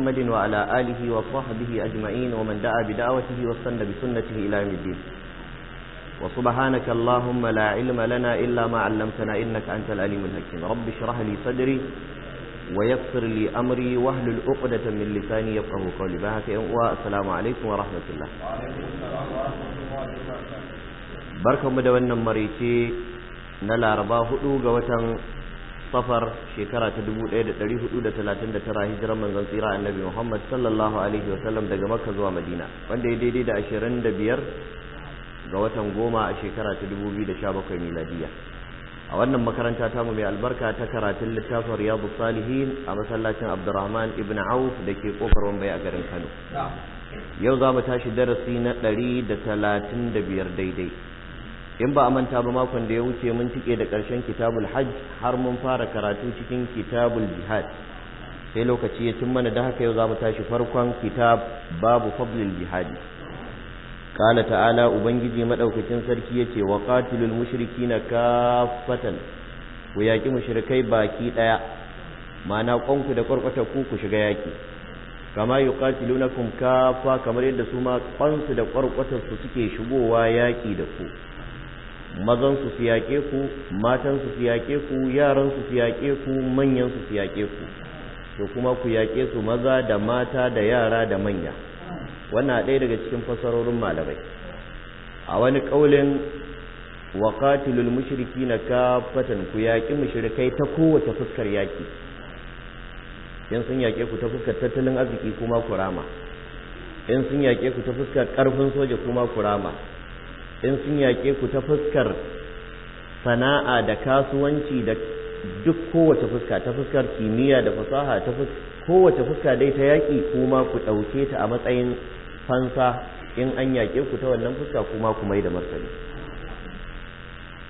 محمد وعلى آله وصحبه أجمعين ومن دعا بدعوته واستنى بسنته إلى يوم الدين وسبحانك اللهم لا علم لنا إلا ما علمتنا إنك أنت العليم الحكيم رب اشرح لي صدري ويسر لي أمري واهلل عقدة من لساني يفقه قولي بهك والسلام عليكم ورحمة الله بركة مدونا مريتي نلا رباه أوغا وتن safar shekara ta tara hijirar manzon tsira annabi Muhammad sallallahu alaihi wa sallam daga Makka zuwa Madina wanda ya daidai da ashirin da biyar ga watan goma a shekara ta da 2017 miladiya a wannan makaranta ta mu mai albarka ta karatun littafin Riyadu Salihin a masallacin Abdurrahman ibn Auf da ke kofar Wambai a garin Kano yau za mu tashi darasi na ɗari da da talatin biyar daidai in ba a manta ba makon da ya wuce mun cike da ƙarshen kitabul hajj har mun fara karatu cikin kitabul jihad sai lokaci ya cin mana da haka yau za mu tashi farkon kitab babu fadlil jihadi qala ta'ala ubangiji madaukakin sarki yace wa qatilul mushrikina kaffatan ku yaki mushrikai baki daya ma'ana kwanku da kwarkwata ku ku shiga yaki kama yuqatilunakum kaffa kamar yadda su ma kwansu da kwarkwatar su suke shigowa yaki da ku mazan su su yaƙe ku matan su su yaƙe ku yaran su su yaƙe ku manyan su su yaƙe ku to kuma ku yaƙe su maza da mata da yara da manya wannan ɗaya daga cikin fasarorin malamai a wani ƙaulin wa qatilul mushrikina kafatan ku yaƙi mushrikai ta kowace fuskar yaƙi in sun yaƙe ku ta fuskar tattalin arziki kuma kurama in sun yaƙe ku ta fuskar ƙarfin soja kuma kurama. rama in sun yaƙe ku ta fuskar sana'a da kasuwanci da duk kowace fuska ta fuskar kimiyya da fasaha ta kowace fuska dai ta yaƙi kuma ku ɗauke ta a matsayin fansa in an yaƙe ku ta wannan fuska kuma ku mai da martani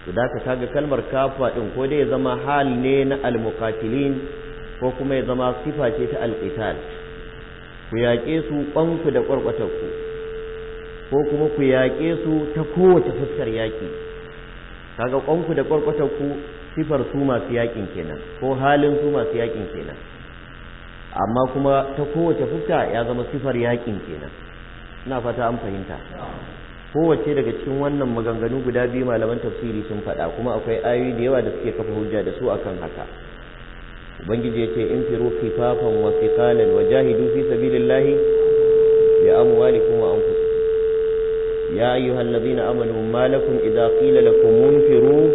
to da ka ga kalmar kafa ɗin ko dai ya zama hal ne na almukatilin ko kuma ya zama sifa ce ta alƙital ku yaƙe su ƙwanku da ƙwarƙwatarku ko kuma ku yaƙe su ta kowace fuskar yaƙi kaga ƙwanku da ƙwarƙwatarku sifar su masu yaƙin kenan ko halin su masu yaƙin kenan amma kuma ta kowace fuska ya zama sifar yaƙin kenan ina fata an fahimta kowace daga cikin wannan maganganu guda biyu malaman tafsiri sun faɗa kuma akwai ayoyi da yawa da suke kafa hujja da su akan haka ubangiji ya ce in firu kifafan wa fiqalan wa jahidu fi sabilillahi bi amwalikum wa anfusikum يا أيها الذين آمنوا ما لكم إذا قيل لكم انفروا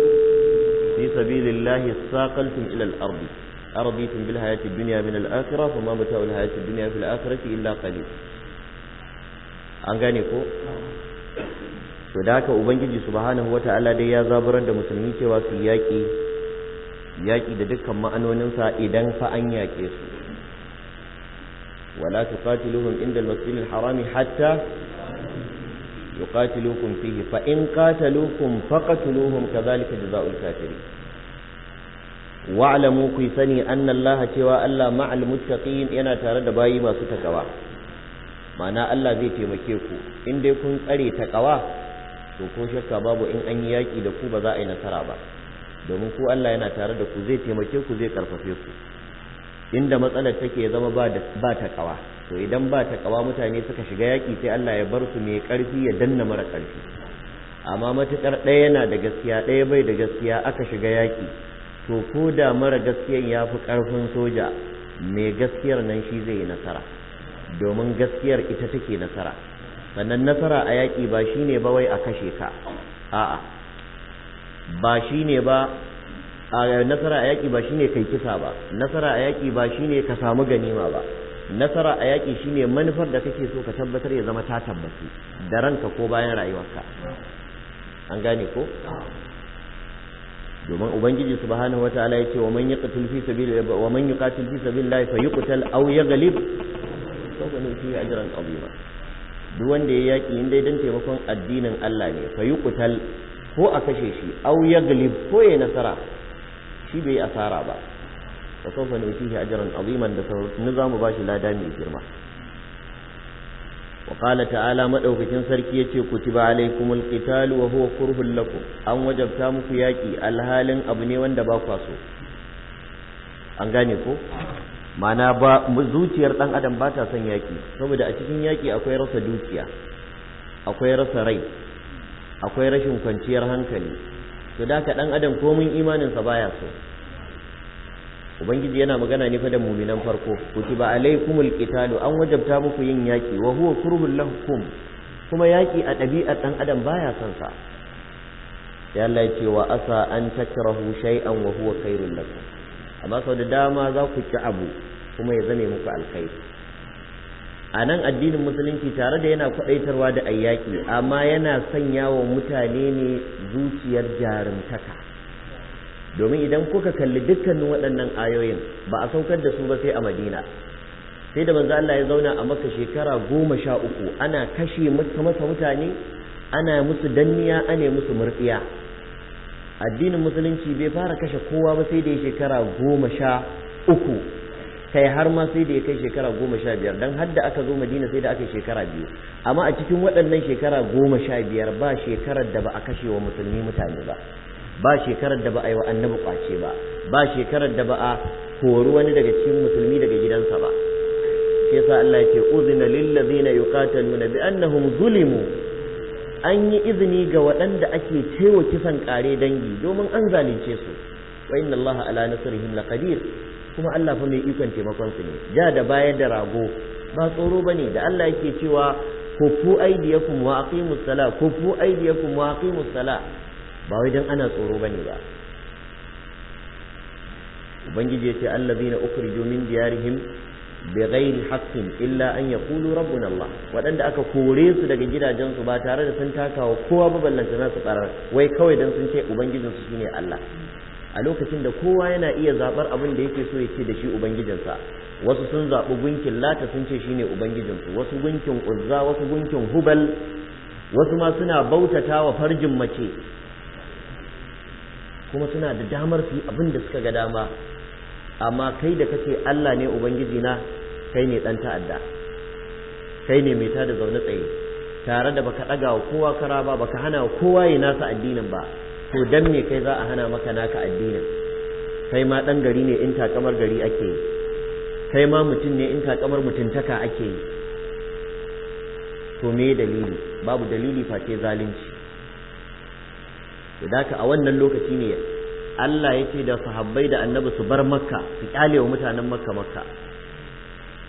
في سبيل الله ساقلتم إلى الأرض أرضيتم بالحياة الدنيا من الآخرة فما متاع الحياة الدنيا في الآخرة إلا قليل an gane ko to da haka ubangiji subhanahu wata'ala dai ya zaburar da musulmi cewa su yaƙi yaƙi da dukkan ma'anoninsa idan fa an yaƙe su wala inda al harami hatta yuqatilukum fihi fa in qataluukum faqatuluhum kadhalika jazaa'ul kafirin wa'lamu ku sani anna laha cewa Allah ma'al muttaqin yana tare da bayi masu takawa ma'ana Allah zai taimake ku in dai kun tsare ta ƙawa to ko shakka babu in anyi yaƙi da ku ba za a yi nasara ba domin ko Allah yana tare da ku zai taimake ku zai karfafe ku inda matsalar take zama ba ta kawa to idan ba ta kawa mutane suka shiga yaki sai Allah ya bar su mai ƙarfi ya danna mara ƙarfi amma matuƙar ɗaya yana da gaskiya ɗaya bai da gaskiya aka shiga yaƙi to ko da mara gaskiyan ya fi ƙarfin soja mai gaskiyar nan shi zai yi nasara domin gaskiyar ita take nasara sannan nasara a yaƙi ba shi ne ba wai a kashe ka a'a ba shi ne ba a nasara a yaƙi ba shine kai kisa ba nasara a yaƙi ba shine ka samu ganima ba nasara a yaƙi shine manufar da kake so ka tabbatar ya zama ta tabbaci da ranka ko bayan rayuwarka an gane ko domin ubangiji subhanahu wataala yace wa man yaqtul fi sabili wa man yuqatil fi sabilillahi yuqtal aw yaghlib sawfa nu'tihi ajran 'azima duk wanda ya yaƙi in dai dan taimakon addinin Allah ne yuqtal ko a kashe shi aw yaghlib ko ya nasara shi bai asara ba wa ne shi ajiran aziman da sauran za mu bashi lada mai girma wa kala ta'ala madaukakin sarki ya ce ku ci ba alaikum alƙitalu wa huwa kurhun lakum an wajabta muku yaƙi alhalin abu ne wanda ba kwa so an gane ko Ma'ana ba zuciyar ɗan adam ba ta son yaƙi, saboda a cikin yaƙi akwai rasa dukiya akwai rasa rai akwai rashin kwanciyar hankali to da ka dan adam komin imaninsa baya so ubangiji yana magana ne fa da muminan farko kutiba alaikumul qitalu an wajabta muku yin yaki wa huwa kurhul lakum kuma yaki a ɗabi'ar dan adam baya son sa ya Allah ce wa asa an takrahu shay'an wa huwa khairul lakum amma sau da dama za ku ci abu kuma ya zame muku alkhairi a nan addinin musulunci tare da yana kwaɗaitarwa da ayyaki amma yana sanya wa mutane ne zuciyar jarumtaka domin idan kuka kalli dukkanin waɗannan ayoyin ba a saukar da su ba sai a madina sai da manzo Allah ya zauna a maka shekara goma sha uku ana kashe masa mutane ana musu danniya ana musu murfiya addinin musulunci bai fara kashe kowa ba sai da shekara goma sha uku kai har ma sai da ya kai shekara goma sha biyar don hadda aka zo madina sai da aka shekara biyu amma a cikin waɗannan shekara goma sha biyar ba shekarar da ba a kashe wa musulmi mutane ba ba shekarar da ba a yi wa annabi kwace ba ba shekarar da ba a kori wani daga cikin musulmi daga gidansa ba sai sa Allah ya ce uzina lillazina yuqataluna bi annahum zulimu an yi izini ga waɗanda ake cewa kisan kare dangi domin an zalunce su wa inna Allah ala nasrihim laqadir kuma Allah fa mai ikon taimakon su ne ja da baya da rago ba tsoro bane da Allah yake cewa kufu aidiyakum wa aqimus sala kufu aidiyakum wa aqimus sala ba wai dan ana tsoro bane ba ubangiji yace allazina ukhriju min diyarihim bighayri haqqin illa an yaqulu rabbuna Allah wadanda aka kore su daga gidajen su ba tare da sun takawa kowa ba ballanta na su karar wai kawai dan sun ce ubangijinsu shine Allah a lokacin da kowa yana iya zaɓar abin da yake so ya ce da shi ubangijinsa wasu sun zaɓi gunkin lata sun ce shine ubangijinsu wasu gunkin uzza wasu gunkin hubal wasu ma suna bautata wa farjin mace kuma suna da damar su yi abin da suka ga dama amma kai da kace Allah ne ubangiji na kai ne dan ta'adda kai ne mai tada zaune tsaye tare da baka ɗaga kowa kara ba baka hana kowa ya nasa addinin ba to dan me kai za a hana maka naka addinin kai ma dan gari ne in takamar gari ake yi kai ma mutum ne in takamar mutuntaka ake yi to me dalili babu dalili face zalunci to daka a wannan lokaci ne Allah yake da sahabbai da annabi su bar makka su kyale wa mutanen makka makka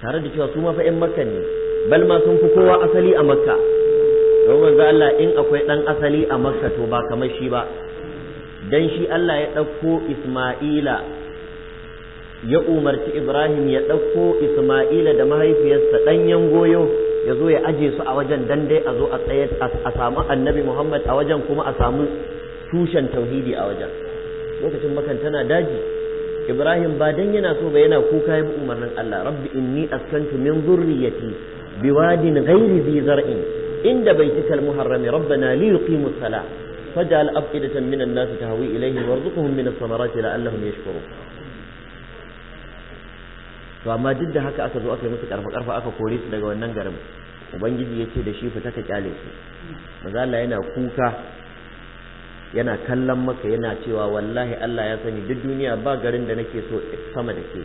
tare da cewa su ma fa 'yan makka ne bal ma sun fi kowa asali a makka don manzo Allah in akwai ɗan asali a makka to ba kamar shi ba dan shi Allah ya ɗauko Isma'ila ya umarci Ibrahim ya ɗauko Isma'ila da mahaifiyarsa ɗanyen goyo ya zo ya aje su a wajen dan dai a zo a tsaye a samu annabi Muhammad a wajen kuma a samu tushen tauhidi a wajen lokacin makan tana daji Ibrahim ba dan yana so ba yana kuka ya umarnin Allah rabbi inni askantu min zurriyati biwadin ghairi zi zar'in inda kalmu muharrami rabbana li yuqimu as faj'al afidatan minan nas tahwi ilayhi warzuqhum min as-samarati la'allahum yashkurun to amma duk da haka aka zo aka yi musu karfa karfa aka kore su daga wannan garin ubangiji yace da shi fita ka kyale su Maza Allah yana kuka yana kallon maka yana cewa wallahi Allah ya sani duk duniya ba garin da nake so sama da ke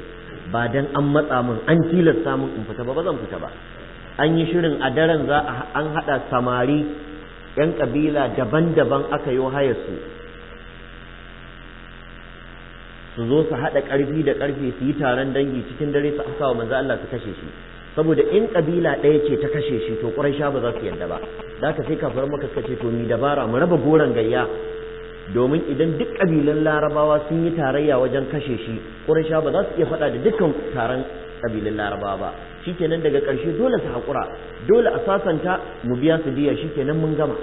ba dan an matsa min an tilasta mun in fita ba ba zan fita ba an yi shirin a daren za a an haɗa samari 'yan ƙabila daban-daban aka yi haya su su zo su haɗa ƙarfi da ƙarfi su yi taron dangi cikin dare su afka wa manzo Allah su kashe shi saboda in ƙabila ɗaya ce ta kashe shi to ƙuraisha ba za su yarda ba da ka sai kafiran maka kace to mi dabara mu raba goran gayya domin idan duk ƙabilan larabawa sun yi tarayya wajen kashe shi ƙuraisha ba za su iya faɗa da dukkan taron ƙabilan larabawa ba shikenan daga ƙarshe dole su haƙura dole a sasanta mu biya su diya shikenan mun gama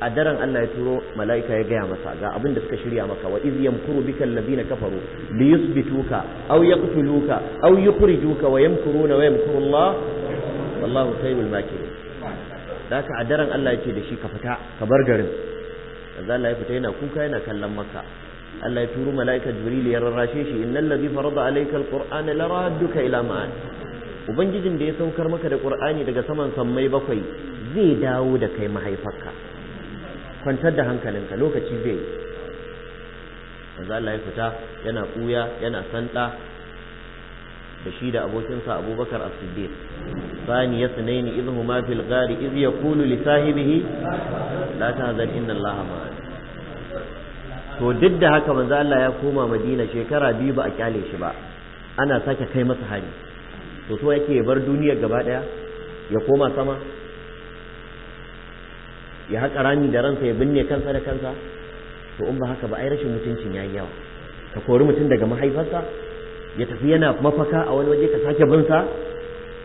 a daren Allah ya turo mala'ika ya gaya masa ga abin da suka shirya maka wa iz yamkuru bika allazina kafaru li yuthbituka aw yaqtuluka aw yukhrijuka wa yamkuruna wa yamkuru Allah wallahu khayrul makirin daka a daren Allah ya ce da shi ka fita ka bar garin manzo Allah ya fita yana kuka yana kallon maka Allah ya turo mala'ika Jibril ya rarrashe shi innal ladhi farada alayka alqur'ana laradduka ila ma'ad ubangijin da ya saukar maka da qur'ani daga saman sammai bakwai zai dawo da kai mahaifarka kwantar da hankalinka lokaci zai yi Allah ya fita yana kuya yana sanda da shi da abokinsa Abubakar As-Siddiq sani ya sunaini huma fil ghari ya kulu li sahibihi la tahzan inna Allah ma'ana to duk da haka manzo Allah ya koma Madina shekara biyu ba a kyale shi ba ana sake kai masa hari to so yake bar duniya gaba daya ya koma sama ya haƙa rami da ransa ya binne kansa da kansa to in ba haka ba ai rashin mutuncin yayi yawa ka kori mutum daga mahaifarsa ya tafi yana mafaka a wani waje ka sake binsa.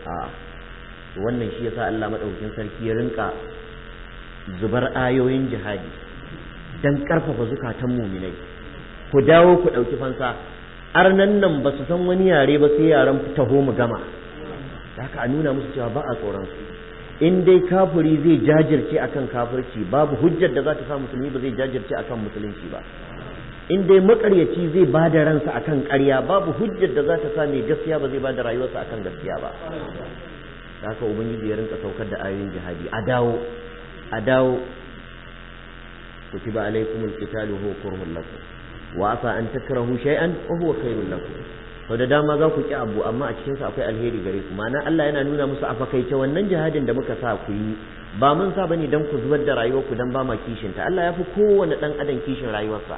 sa a wannan shi yasa Allah madaukakin sarki ya rinka zubar ayoyin jihadi dan karfafa zukatan muminai ku dawo ku dauki fansa arnan nan ba su san wani yare ba sai yaran taho mu gama da haka a nuna musu cewa ba a tsoron su in dai kafuri zai jajirce akan kafirci babu hujjar da za ta sa musulmi ba zai jajirce akan musulunci ba in dai makaryaci zai ba da ransa akan karya babu hujjar da za ta sa mai gaskiya ba zai ba da rayuwarsa akan gaskiya ba da haka ubangiji ya rinka saukar da ayoyin jihadi a dawo a dawo kutiba alaikumul qitalu huwa kurhul lakum wa asa an takrahu shay'an wa huwa khairul lakum to da dama za ku ki abu amma a cikin sa akwai alheri gare ku ma'ana Allah yana nuna musu a ta wannan jihadin da muka sa ku yi ba mun sa bane dan ku zubar da rayuwar ku dan ba ma kishin ta Allah ya fi kowanne dan adam kishin rayuwarsa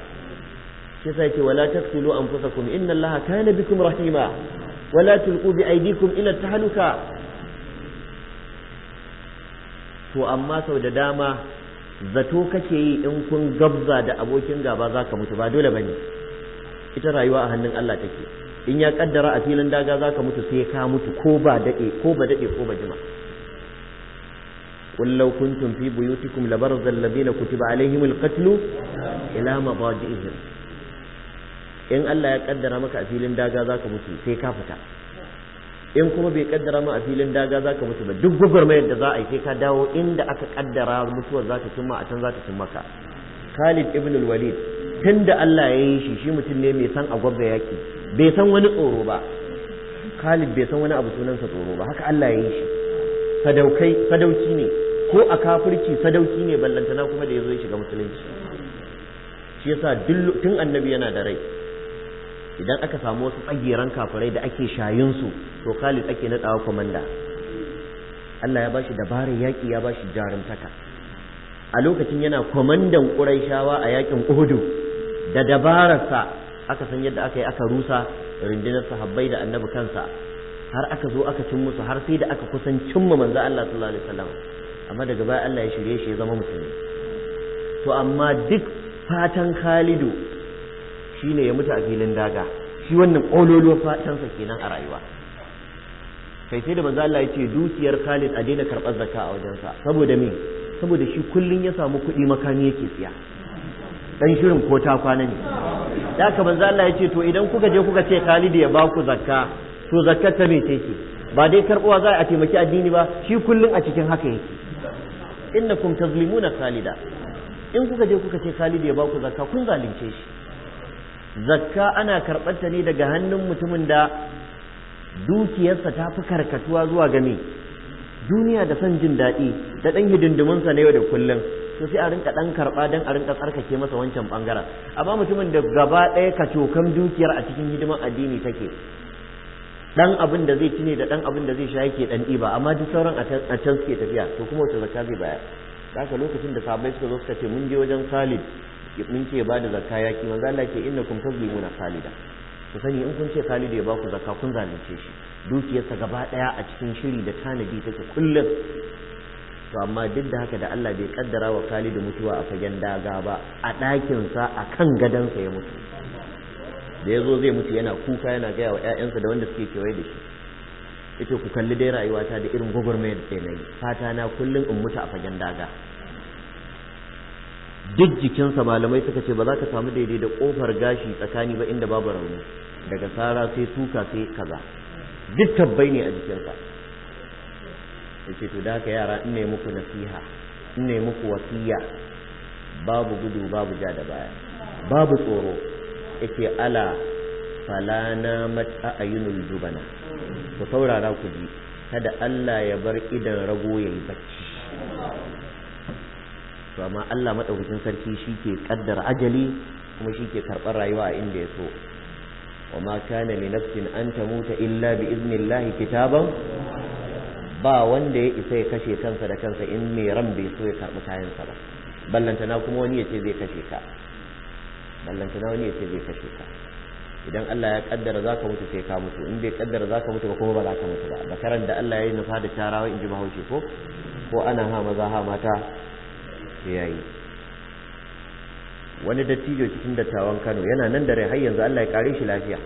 shi sai ce wala taqtulu anfusakum inna Allah kana bikum rahima wala tulqu bi aydikum ila tahluka to amma sau da dama zato kake yi in kun gabza da abokin gaba za ka mutu ba dole ba ne ita rayuwa a hannun Allah take in ya kaddara a filin daga za ka mutu sai ka mutu ko ba daɗe ko ba daɗe ko ba jima قل لو كنتم في بيوتكم لبرز الذين كتب عليهم القتل إلى مضاجعهم إن الله يقدر مك أفيل داغا ذاك مسلم سيكافتا in kuma bai kaddara ma a filin daga za ka mutu ba duk gwagwarmayar da za a yi sai ka dawo inda aka kaddara mutuwar za ta cimma a can za ta cimma ka Khalid ibn al-Walid tunda Allah ya yi shi shi mutum ne mai san agwabba yaki bai san wani tsoro ba Khalid bai san wani abu sunansa tsoro ba haka Allah ya yi shi sadaukai sadauki ne ko a kafirci sadauki ne ballantana kuma da ya zo ya shiga musulunci shi yasa tun annabi yana da rai idan aka samu wasu tsagiran kafirai da ake shayinsu to khalid ake naɗawa kwamanda allah ya bashi dabarar yaƙi ya bashi jarumtaka a lokacin yana kwamandan ƙuraishawa a yaƙin uhudu da dabararsa aka san yadda aka yi aka rusa rundunar sahabbai da annabi kansa har aka zo aka cin musu har sai da aka kusan cimma manzo Allah sallallahu alaihi wasallam amma daga baya Allah ya shirye shi ya zama musulmi to amma duk fatan Khalidu Shi ne ya mutu a filin daga shi wannan ololo fatansa kenan a rayuwa kai sai da manzo Allah ya ce dukiyar Khalid a daina karɓar zakka a wajensa saboda me saboda shi kullun ya samu kuɗi makami yake siya dan shirin ko ta kwana ne da ka manzo Allah ya ce to idan kuka je kuka ce Khalid ya ba ku zakka to zakkar ta me take ba dai karɓuwa za a taimaki addini ba shi kullun a cikin haka yake innakum tazlimuna Khalida in kuka je kuka ce Khalid ya ba ku zakka kun zalunce shi zakka ana karɓanta ne daga hannun mutumin da dukiyarsa ta fi karkatuwa zuwa gami. duniya da son jin daɗi da ɗan hidindiminsa na yau da kullum to sai a rinka ɗan karɓa don a rinka tsarkake masa wancan ɓangaren amma mutumin da gaba ɗaya kacokan dukiyar a cikin hidimar addini take ɗan abin da zai ci ne da ɗan abin da zai sha yake ɗan ɗiba amma duk sauran a can suke tafiya to kuma wace zakka zai baya kaka lokacin da sabai suka zo suka ce mun je wajen Khalid mun ce ya bada zakka ya ki manzo Allah ke innakum tazlimuna khalida ku sani in kun ce khalida ya baku zakka kun zalunce shi dukiyarsa gaba daya a cikin shiri da tanadi take kullum to amma duk da haka da Allah bai kaddara wa Khalidu mutuwa a fagen daga ba a ɗakin sa a kan sa ya mutu da yazo zai mutu yana kuka yana gaya wa ‘ya'yansa da wanda suke kewaye da shi ita ku kalli dai rayuwata da irin gogormai da na yi fata na kullum in mutu a fagen daga duk jikinsa malamai suka ce ba za ka samu daidai da kofar gashi tsakani ba inda babu rauni daga sara sai suka sai kaza duk tabbai ne a jikinsa yace to da haka yara in ne muku nasiha in ne muku wasiya babu gudu babu ja da baya babu tsoro yace ala falana yi ayunul jubana ku saurara ku ji kada Allah ya bar idan rago yayi bacci to amma Allah madaukakin sarki shi ke kaddara ajali kuma shi ke karɓar rayuwa a inda ya so wa ma kana li nafsin an tamuta illa bi iznillahi kitaban ba wanda ya isa ya kashe kansa da kansa in mai ran bai so ya karɓi kayansa ba na kuma wani ya ce zai kashe ka na wani ya ce zai kashe ka idan Allah ya kaddara zaka mutu sai ka mutu in bai kaddara zaka mutu ba kuma ba zaka mutu ba bakaran da Allah ya yi nufa da tarawa in ji bahaushe ko ko ana ha maza ha mata sai yayi wani dattijo cikin dattawan Kano yana nan da rai har yanzu Allah ya kare shi lafiya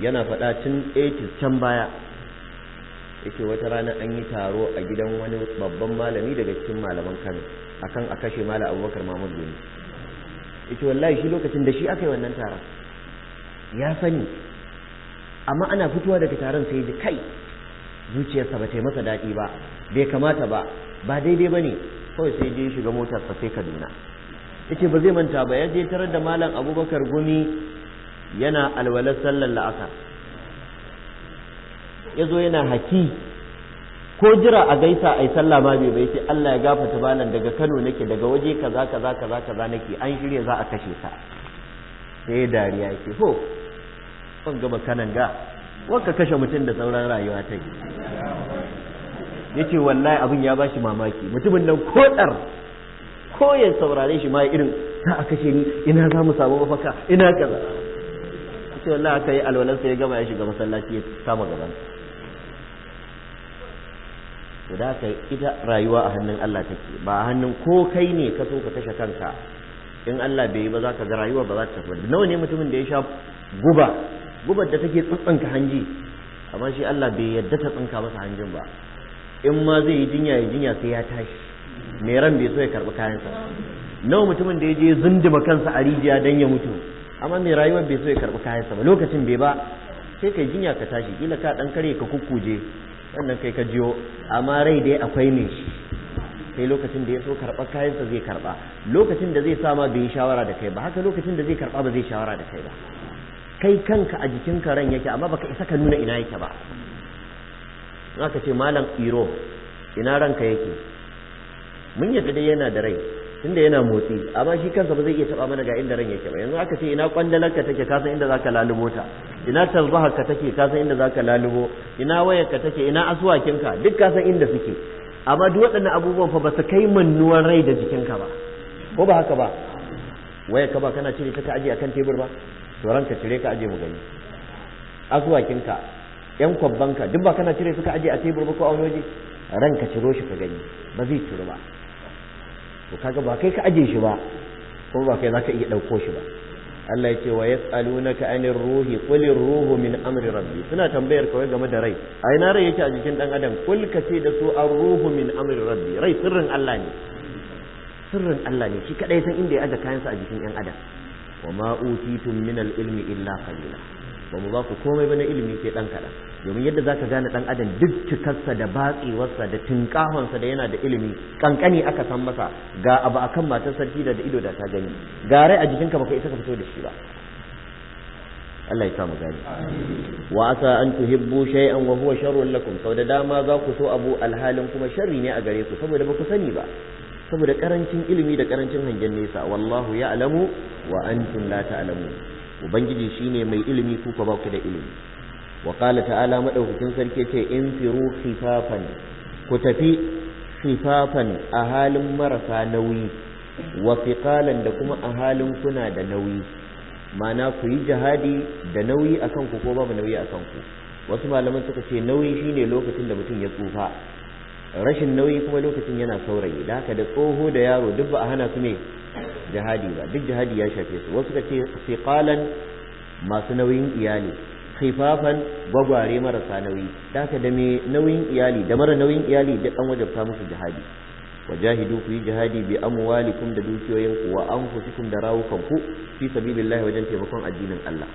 yana faɗa tun 80 can baya yake wata rana an yi taro a gidan wani babban malami daga cikin malaman Kano akan a kashe malam Abubakar Mahmud Gumi yake wallahi shi lokacin da shi aka yi wannan taron ya sani amma ana fitowa daga taron sai da kai zuciyarsa ba ta yi masa daɗi ba bai kamata ba ba daidai ba ne kawai sai je shiga motar sa sai Kaduna yace ba zai manta ba ya je tarar da malam Abubakar Gumi yana alwalar sallar la'asar ya zo yana haki ko jira a gaisa ai sallah ma bai bai ce Allah ya gafata malam daga Kano nake daga waje kaza kaza kaza kaza nake an shirya za a kashe sa sai dariya yake ho ban gaba kanan ga wanka kashe mutum da sauran rayuwa ta yi yace wallahi abin ya bashi mamaki mutumin nan koɗar ko ya saurare shi ma irin ta a kashe ni ina za mu samu mafaka ina kaza sai wallahi aka yi alwalarsa sai ya gama ya shiga masallaci ya kama gaban to da yi ita rayuwa a hannun Allah take ba a hannun ko kai ne ka so ka kashe kanka in Allah bai yi ba za ka ga rayuwa ba za ta tafi nawa ne mutumin da ya sha guba gubar da take tsantsanka hanji amma shi Allah bai yadda ta tsinka masa hanjin ba in ma zai yi jinya ya jinya sai ya tashi mai ran bai so ya karɓi kayansa nawa mutumin da ya je ma kansa a rijiya don ya mutu amma mai rayuwar bai so ya karɓi kayansa ba lokacin bai ba sai kai jinya ka tashi kila ka ɗan kare ka kukkuje sannan kai ka jiyo amma rai dai akwai ne sai lokacin da ya so karɓa kayansa zai karɓa lokacin da zai sa ma bai yi shawara da kai ba haka lokacin da zai karɓa ba zai shawara da kai ba kai kanka a jikin ran yake amma baka isa ka nuna ina yake ba aka ce malam iro ina ranka yake mun yadda dai yana da rai tunda yana motsi amma shi kansa ba zai iya taba mana ga inda ran yake ba yanzu aka ce ina kwandalarka take ka san inda zaka lalubo ta ina tarbahaka take ka san inda zaka lalubo ina wayarka take ina asuwakinka duk ka san inda suke amma duk waɗannan abubuwan fa ba su kai mannuwan rai da jikinka ba ko ba haka ba wayarka ba kana cire ta ka aje akan tebur ba to ranka cire ka aje mu gani asuwakinka yan kwabbanka duk ba kana cire suka aje a tebur ba ko a wani waje ranka ciro shi ka gani ba zai ciro ba to kaga ba kai ka aje shi ba ko ba kai zaka iya dauko shi ba Allah ya ce wa yas'alunaka anir ruhi qul ruhu min amri rabbi suna tambayar kawai game da rai a ina rai yake a jikin dan adam kul ka ce da su ar ruhu min amri rabbi rai sirrin Allah ne sirrin Allah ne shi kadai san inda ya aje kayansa a jikin yan adam wa ma utitum min al ilmi illa qalila ba mu ba ku komai ba na ilimi sai ɗan kaɗan domin yadda za ka gane dan adam duk cikarsa da batsewarsa da tinkahonsa da yana da ilimi kankani aka san masa ga abu akan matar sarki da ido da ta gani ga rai a jikinka baka isa ka fito da shi ba Allah ya sa mu gani wa asa an tuhibbu shay'an wa huwa sharrun lakum sau da dama za ku so abu alhalin kuma sharri ne a gare ku saboda ba ku sani ba saboda karancin ilimi da karancin hangen nesa wallahu ya'lamu wa antum la ta'lamun ubangiji shine mai ilimi ku ba ku da ilimi wa qala ta'ala madaukakin sarki ce in firu khifafan ku tafi khifafan a halin marasa nauyi wa fiqalan da kuma a halin kuna da nauyi mana ku yi jihadi da nauyi akan ku ko babu nauyi akan ku wasu malaman suka ce nauyi shine lokacin da mutum ya tsufa rashin nauyi kuma lokacin yana saurayi da haka da tsoho da yaro duk ba a hana su ne jihadi ba duk jihadi ya shafe su wasu ce siqalan masu nauyin iyali khifafan gwagware marasa nauyi da ka da mai nauyin iyali da mara nauyin iyali da an wajabta musu jihadi wajahidu ku yi jihadi bi amwalikum da dukiyoyin ku wa anfusikum da rawukan ku fi sabilillahi wajen taimakon addinin Allah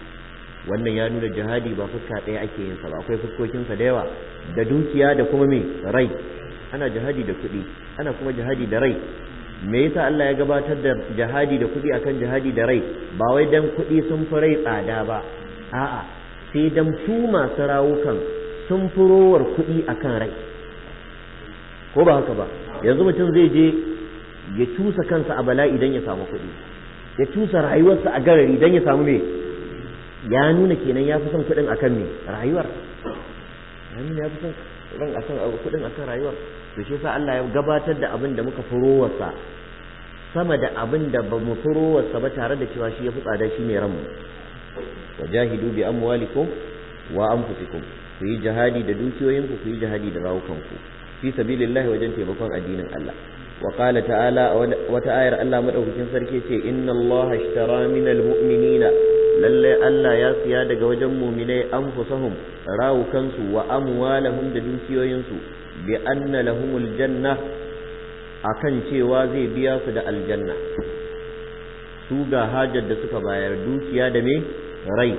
wannan ya nuna jihadi ba fuska ɗaya ake yin sa ba akwai fuskokin sa da yawa da dukiya da kuma mai rai ana jihadi da kuɗi ana kuma jihadi da rai me yasa Allah ya gabatar da jihadi da kuɗi akan jihadi da rai ba wai dan kuɗi sun fi rai tsada ba a'a sai dan su masu rawukan sun fi rowar kuɗi akan rai ko ba haka ba yanzu mutum zai je ya tusa kansa a bala'i dan ya samu kuɗi ya tusa rayuwarsa a garari dan ya samu me ya nuna kenan ya fi son kuɗin akan me rayuwar ya nuna ya fi son kuɗin akan rayuwar to shi yasa Allah ya gabatar da abin da muka furo sama da abin da ba mu furo ba tare da cewa shi ya fi tsada shi ne ranmu wajahidu bi amwalikum wa anfusikum ku yi jihadi da dukiyoyinku ku yi jihadi da rawukanku fi sabilillahi wajen taimakon addinin Allah wa qala ta'ala wata ayar Allah madaukakin sarki ce inna Allah ishtara min mu'minina lalle Allah ya siya daga wajen mu'minai anfusahum rawukansu wa amwalahum da dukiyoyinsu bi anna lahumul janna akan cewa zai biya su da aljanna su ga hajar da suka bayar dukiya da me rai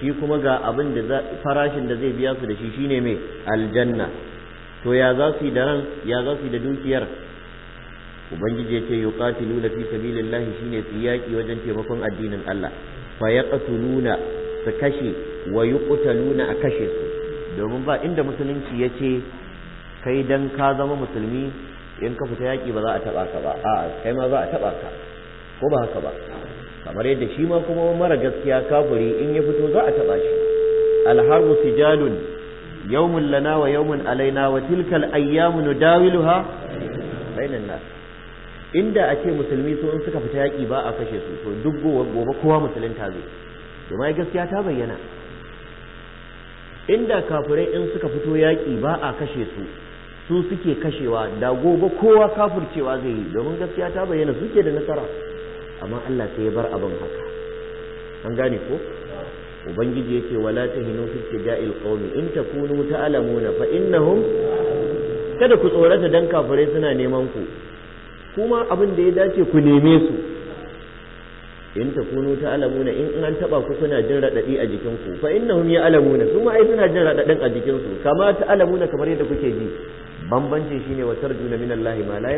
shi kuma ga abin da farashin da zai biya su da shi shine me aljanna to ya za su da ran ya za su da dukiyar ubangiji ya ce yuqatiluna fi sabilillahi shine su yaki wajen taimakon addinin Allah fa yaqtuluna su kashe wa yuqtaluna a kashe su domin ba inda musulunci ya ce kai dan ka zama musulmi in ka fita yaƙi ba za a taɓa ka ba a kai ma za a taɓa ka ko ba haka ba kamar yadda shi ma kuma mara gaskiya kafiri in ya fito za a taɓa shi alharbu sijalun yawmun lana wa yawmun alaina wa tilkal ayyamu nudawiluha bainan nas inda a ce musulmi so in suka fita yaƙi ba a kashe su to duk gobe kowa ta zai domin gaskiya ta bayyana inda kafirai in suka fito yaƙi ba a kashe su su suke kashewa da gobe kowa kafircewa zai yi domin gaskiya ta bayyana suke da nasara amma Allah sai ya bar abin haka an gane ko ubangiji yake wala tahinu fi tija'il qawmi in takunu ta'lamuna fa innahum kada ku tsorata dan kafirai suna neman ku kuma abin da ya dace ku neme su in takunu ta'lamuna in an taba ku kuna jin radadi a jikin ku fa innahum ya'lamuna kuma ai suna jin radadin a jikin su kama ta'lamuna kamar yadda kuke ji bambancin shine wa tarjuna min Allah ma la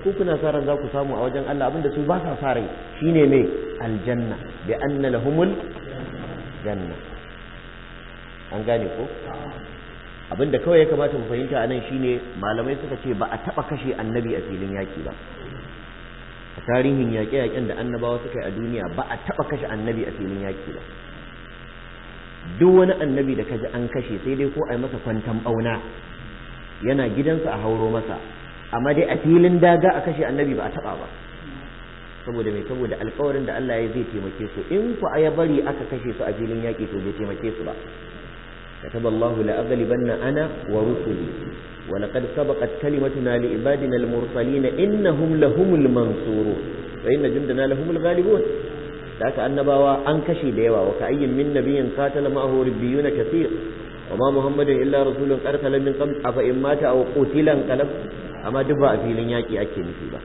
ku kuna sa ran za ku samu a wajen Allah abinda su ba sa sa rai shine me aljanna bi anna lahumul janna an gane ko abinda kawai ya kamata mu fahimta anan shine malamai suka ce ba a taba kashe annabi a filin yaki ba a tarihin yaƙe-yaƙen da annabawa suka yi a duniya ba a taɓa kashe annabi a filin yaƙi ba duk wani annabi da kaji an kashe sai dai ko a yi masa kwantan ɓauna yana gidansa a hauro masa amma dai a filin daga a kashe annabi ba a taba ba saboda mai saboda alkawarin da Allah ya zai taimake su in ku ya bari aka kashe su a filin yaƙi to bai taimake su ba كتب الله لأغلبن أنا ورسلي ولقد سبقت كلمتنا لعبادنا المرسلين إنهم لهم المنصورون وإن جندنا لهم الغالبون ذاك أنبوا أنكشي ديوا وكأي من نبي قاتل معه ربيون كثير وما محمد إلا رسول قد خلا من قبل أفإن مات أو قتل انقلب a filin yaki ake nufi ba?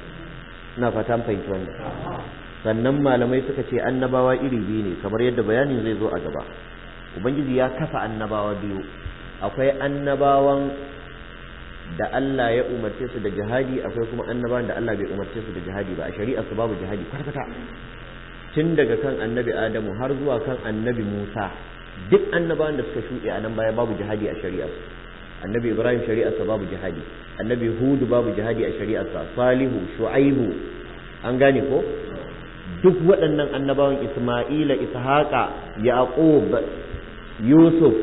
ina fatan fahimci wannan sannan malamai suka ce annabawa iri biyu ne kamar yadda bayanin zai zo a gaba ubangiji ya kafa annabawa biyu akwai annabawan da Allah ya umarce su da jihadi akwai kuma annabawan da Allah bai umarce su da jihadi ba a shari'a su babu jihadi kwata tun daga kan annabi Adamu har zuwa kan annabi Musa duk annabawan da suka shuɗe a nan baya babu jihadi a shari'a annabi ibrahim shari'arsa babu jihadi annabi hudu babu jihadi a shari'arsa salihu shu'aibu an gane ko duk waɗannan annabawan isma'ila ishaqa yaqub yusuf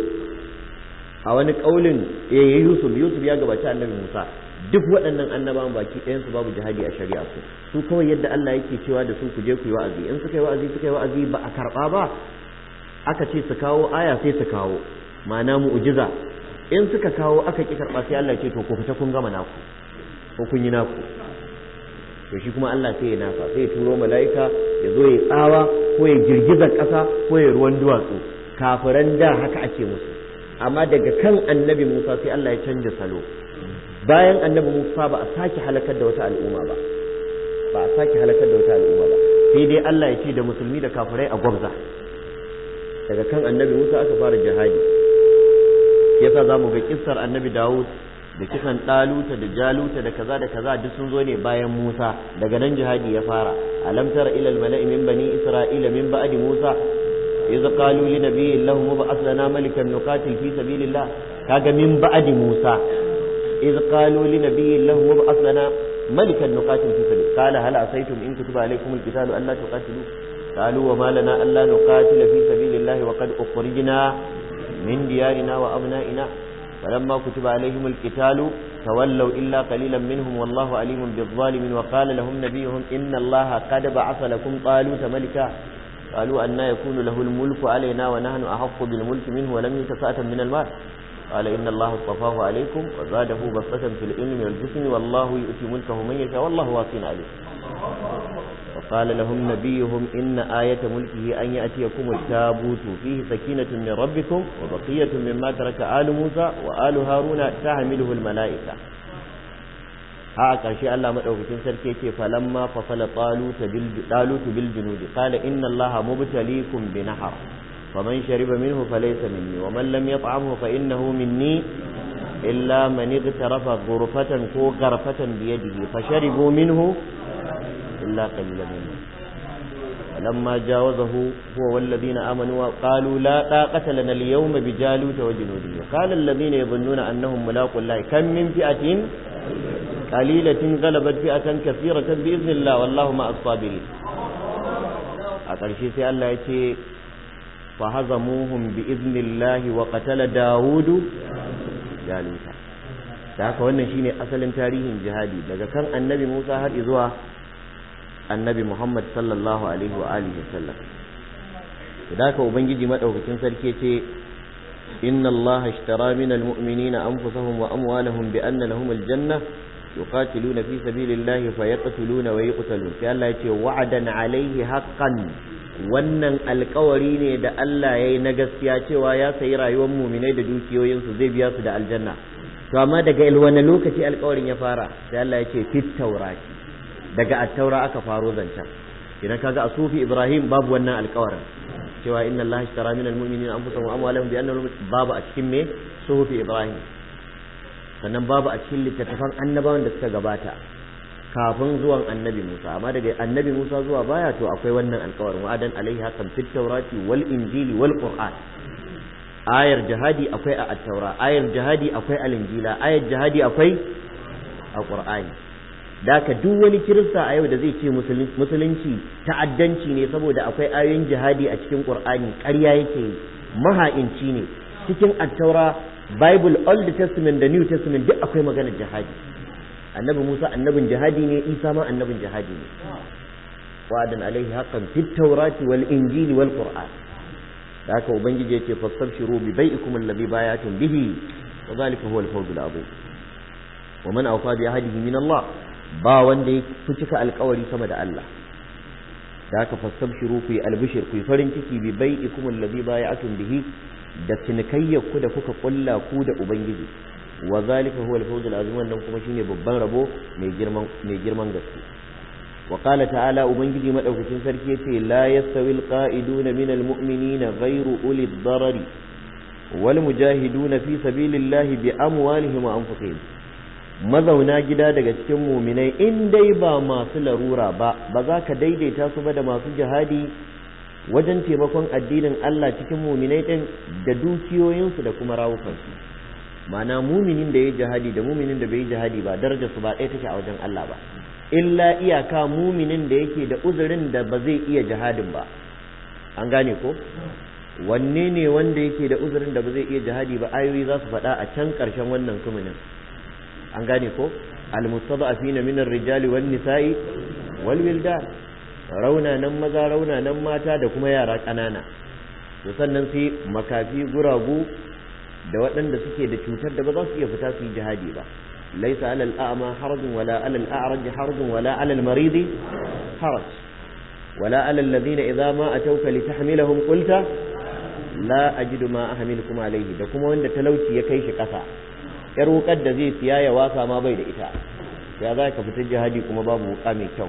a wani kaulin eh yusuf yusuf ya gabaci annabi musa duk waɗannan annabawan baki ɗayansu babu jihadi a shari'a su su kawai yadda Allah yake cewa da su ku je ku yi wa'azi in suka yi wa'azi suka yi wa'azi ba a karɓa ba aka ce su kawo aya sai su kawo ma'ana mu'jiza in suka kawo aka ki karba sai Allah ya ce to ku fita kun gama naku ko kun yi naku to shi kuma Allah sai ya nafa sai ya turo mala'ika ya zo ya tsawa ko ya girgiza ƙasa ko ya ruwan duwatsu kafiran da haka ake musu amma daga kan annabi Musa sai Allah ya canja salo bayan annabi Musa ba a sake halakar da wata al'umma ba ba a sake halakar da wata al'umma ba sai dai Allah ya ce da musulmi da kafirai a gwabza daga kan annabi Musa aka fara jihadi ya sa za mu ga kissar annabi Dawud da kisan ɗaluta da jaluta da kaza da kaza duk sun zo ne bayan Musa daga nan jihadi ya fara alam tara ila al mala'i min bani isra'ila min ba'di Musa idza qalu li nabiyyin lahum ba'ath lana malikan nuqatil fi sabilillah kaga min ba'di Musa idza qalu li nabiyyin lahum ba'ath lana malikan nuqatil fi sabilillah qala hal asaytum in kutiba alaykum al qitalu alla tuqatilu قالوا وما لنا ألا نقاتل في سبيل الله وقد أخرجنا من ديارنا وأبنائنا فلما كتب عليهم القتال تولوا إلا قليلا منهم والله عليم بالظالمين وقال لهم نبيهم إن الله قد بعث لكم طالوت ملكا قالوا أن يكون له الملك علينا ونحن أحق بالملك منه ولم يتفأت من المال قال إن الله اصطفاه عليكم وزاده بسطة في العلم والجسم والله يؤتي ملكه من يشاء والله واسع عليه قال لهم نبيهم إن آية ملكه أن يأتيكم التابوت فيه سكينة من ربكم وبقية مما ترك آل موسى وآل هارون تحمله الملائكة a ƙarshe Allah madaukakin sarki yake falamma fa fala taluta bil talutu bil junud qala inna allaha mubtaliikum bi nahar faman shariba minhu falaysa minni wa man lam yat'amhu fa innahu minni illa man igtarafa ko gharfatan bi yadihi fa minhu إلا قليلا منهم فلما جاوزه هو والذين آمنوا قالوا لا طاقة لنا اليوم بجالوت وجنوده قال الذين يظنون أنهم ملاقوا الله كم من فئة قليلة غلبت فئة كثيرة بإذن الله والله مع الصابرين أقرشي سي الله يتي فهزموهم بإذن الله وقتل داود جالوت da haka wannan shine asalin tarihin jihadi daga kan annabi Musa har zuwa annabi Muhammad sallallahu alaihi wa alihi wasallam da ubangiji madaukakin sarki ce inna allaha ishtara min almu'minina anfusahum wa amwalahum bi anna lahum aljanna yuqatiluna fi sabilillahi fayaqtuluna wa yuqtalun sai Allah ce wa'adan alaihi haqqan wannan alkawari ne da Allah yayi na gaskiya cewa ya sayi rayuwar mu'minai da dukiyoyinsu zai biya su da aljanna to amma daga wani lokaci alkawarin ya fara sai Allah yace fit taurati daga attaura aka faro zancen idan kaga a sufi ibrahim babu wannan alƙawarin. cewa inna allaha ishtara min almu'minina anfusahum wa amwalahum bi anna babu a cikin me sufi ibrahim sannan babu a cikin littattafan annabawan da suka gabata kafin zuwan annabi Musa amma daga annabi Musa zuwa baya to akwai wannan alkawarin wa'adan alaihi hakan fit tawrati wal injili wal qur'an ayar jihadi akwai a Attaura. ayar jihadi akwai al-injila ayar jihadi akwai a qur'ani da ka duk wani kirista a yau da zai ce musulunci ta'addanci ne saboda akwai ayoyin jihadi a cikin ƙur'ani ƙarya yake maha'inci ne cikin attaura bible old testament da new testament duk akwai maganar jihadi annabi musa annabin jihadi ne isa ma annabin jihadi ne wa'adan alaihi haqqan fit tawrati wal injili wal qur'an da haka ubangiji yake fastabshiru bi bai'ikum baya tun bihi wa zalika huwa al fawzul man ومن bi ahadihi min Allah? ba wanda ya fi cika alkawari sama da Allah da aka fassam ku yi albishir ku farin ciki bi bai ikumul ladhi bai'atun bihi da cinikayyar ku da kuka kulla ku da ubangiji wa zalika huwa al-fawz al-azim wannan kuma shine babban rabo mai girman mai girman gaske wa qala ta'ala ubangiji madaukakin sarki yace la yastawi qaiduna min al-mu'minina ghayru uli darari wal mujahiduna fi sabilillahi bi amwalihim wa anfusihim mazauna gida daga cikin muminai in dai ba masu larura ba ba za ka daidaita su ba da masu jihadi wajen taimakon addinin Allah cikin muminai ɗin da dukiyoyinsu da kuma rawukansu ma'ana muminin da ya yi jihadi da muminin da bai yi jihadi ba daraja su ba ɗaya take a wajen Allah ba illa iyaka muminin da yake da uzurin da ba zai iya jihadin ba an gane ko wanne ne wanda yake da uzurin da ba zai iya jihadi ba ayoyi za su faɗa a can ƙarshen wannan sumunin an gane ko a fina ar-rijali walnisa'i nisa'i wal raunanan maza raunanan mata da kuma yara kanana to sannan sai makafi guragu da waɗanda suke da cutar da ba za su iya fita su yi jihadi ba laisa alal a'ma harjin wala alal a'raj harjin wala alal maridi haraj wala alal ladina idza ma atawka litahmilahum qulta la ajidu ma ahmilukum alayhi da kuma wanda talauci ya kai shi kasa yar wukar da zai siya ya wasa ma bai da ita ya za ka fita jihadi kuma babu wuka mai kyau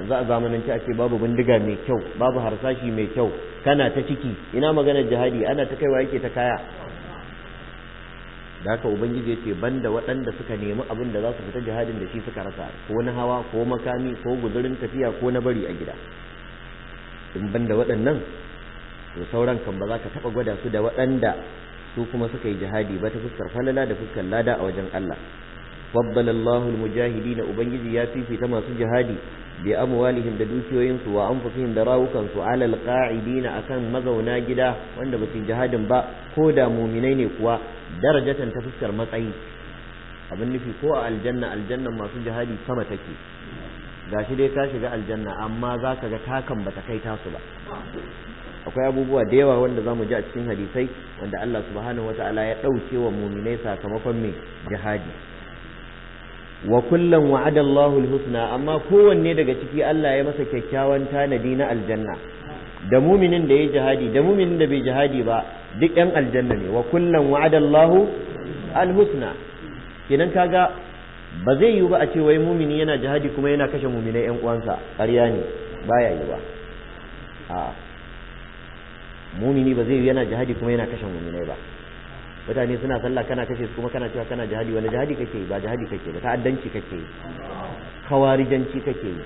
yanzu a zamanance a ce babu bindiga mai kyau babu harsashi mai kyau kana ta ciki ina maganar jihadi ana ta kaiwa yake ta kaya da haka ubangiji ya ce da waɗanda suka nemi abin da za su fita jihadin da shi suka rasa ko na hawa ko makami ko guzurin tafiya ko na bari a gida in ban da waɗannan to sauran kan ba za ka taɓa gwada su da waɗanda su kuma suka yi jihadi ba ta fuskar falala da fuskar lada a wajen Allah faddalallahu da ubangiji ya fifita masu jihadi bi amwalihim da dukiyoyin wa anfusihim da rawukan su ala alqa'idina akan mazauna gida wanda ba su jihadin ba ko da muminai ne kuwa darajatan ta fuskar matsayi abin nufi ko a aljanna aljannan masu jihadi sama take gashi dai ka shiga aljanna amma za ka ga takan ba ta kai tasu ba akwai abubuwa da yawa wanda zamu ji a cikin hadisai wanda Allah subhanahu wata'ala ya ɗauke wa mu'minai sakamakon mai jihadi wa kullum wa'ada Allahu al-husna amma kowanne daga ciki Allah ya masa kyakkyawan tanadi na aljanna da muminin da ya jihadi da muminin da bai jihadi ba duk ɗan aljanna ne wa kullum wa'ada Allahu al-husna kenan kaga ba zai yiwu ba a ce wai mumini yana jihadi kuma yana kashe muminai ƴan uwansa ƙarya ne baya yi ba a mumini ba zai yi yana jihadi kuma yana kashe muminai ba mutane suna sallah kana kashe su kuma kana cewa kana jihadi wani jihadi kake yi ba jihadi kake ba ta'addanci kake yi kawarijanci kake yi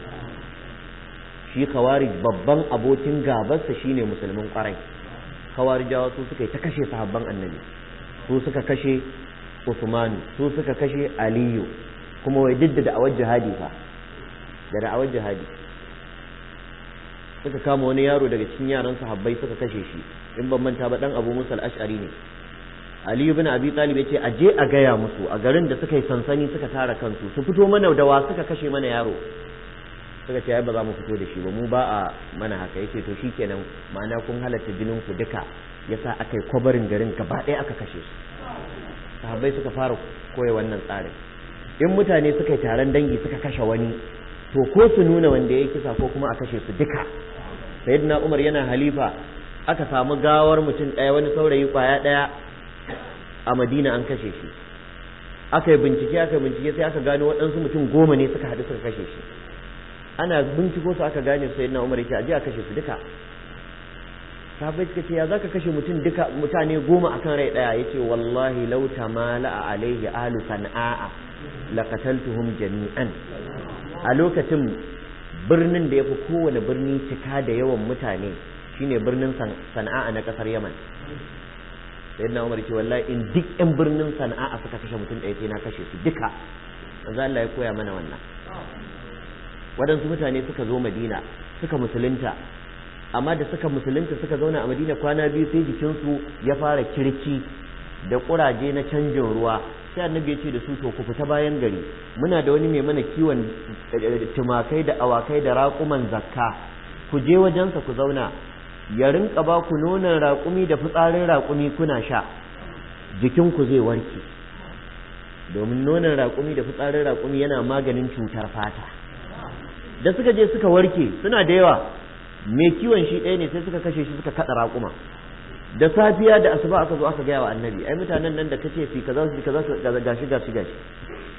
shi kawarij babban abokin gabarsa shine musulmin kwarai kawarijawa su suka yi ta kashe sahabban annabi su suka kashe usmanu su suka kashe aliyu kuma wai duk da da'awar jihadi fa da da'awar jihadi suka kama wani yaro daga cikin yaran Habbai suka kashe shi in ban manta ba dan Abu Musa al-Ash'ari ne Ali ibn Abi Talib yace a je a gaya musu a garin da suka yi sansani suka tara kansu su fito mana da wa suka kashe mana yaro suka ce ai ba za mu fito da shi ba mu ba a mana haka yace to shikenan ma'ana kun halatta jinin ku duka yasa aka yi kwabarin garin gaba ɗaya aka kashe su sahabbai suka fara koya wannan tsarin in mutane suka yi taron dangi suka kashe wani to ko su nuna wanda ya kisa ko kuma a kashe su duka sayyidina umar yana halifa aka samu gawar mutum ɗaya wani saurayi kwaya ɗaya a madina an kashe shi aka yi bincike aka bincike sai aka gano waɗansu mutum goma ne suka haɗu suka kashe shi ana binciko su aka gane sayyidina umar yake aje a kashe su duka sabai suka ce ya ka kashe mutum duka mutane goma akan rai ɗaya ce wallahi lauta mala a alaihi alu sana'a laqataltuhum jami'an a lokacin birnin da ya fi kowane birni cika da yawan mutane shine birnin sana'a na kasar yaman sai na umar wallahi in duk yan birnin sana'a suka kashe mutum ɗaya sai na kashe su duka manzo Allah ya koya mana wannan waɗansu mutane suka zo madina suka musulunta amma da suka musulunta suka zauna a madina kwana biyu sai jikinsu ya fara kirki da kuraje na canjin ruwa sai annabi ya ce da su to ku fita bayan gari muna da wani mai mana kiwon eh, tumakai da awakai da raƙuman zakka ku je wajensa ku zauna ya rinka ba ku nonon raƙumi da fitsarin raƙumi kuna sha jikinku zai warke domin nonon raƙumi da fitsarin raƙumi yana maganin cutar fata da suka je suka warke suna da yawa mai kiwon shi ɗaya ne sai suka kashe shi suka kaɗa raƙuma da safiya da asuba aka zo aka gaya wa annabi ai mutanen nan da kace fi kaza fi kaza gashi gashi gashi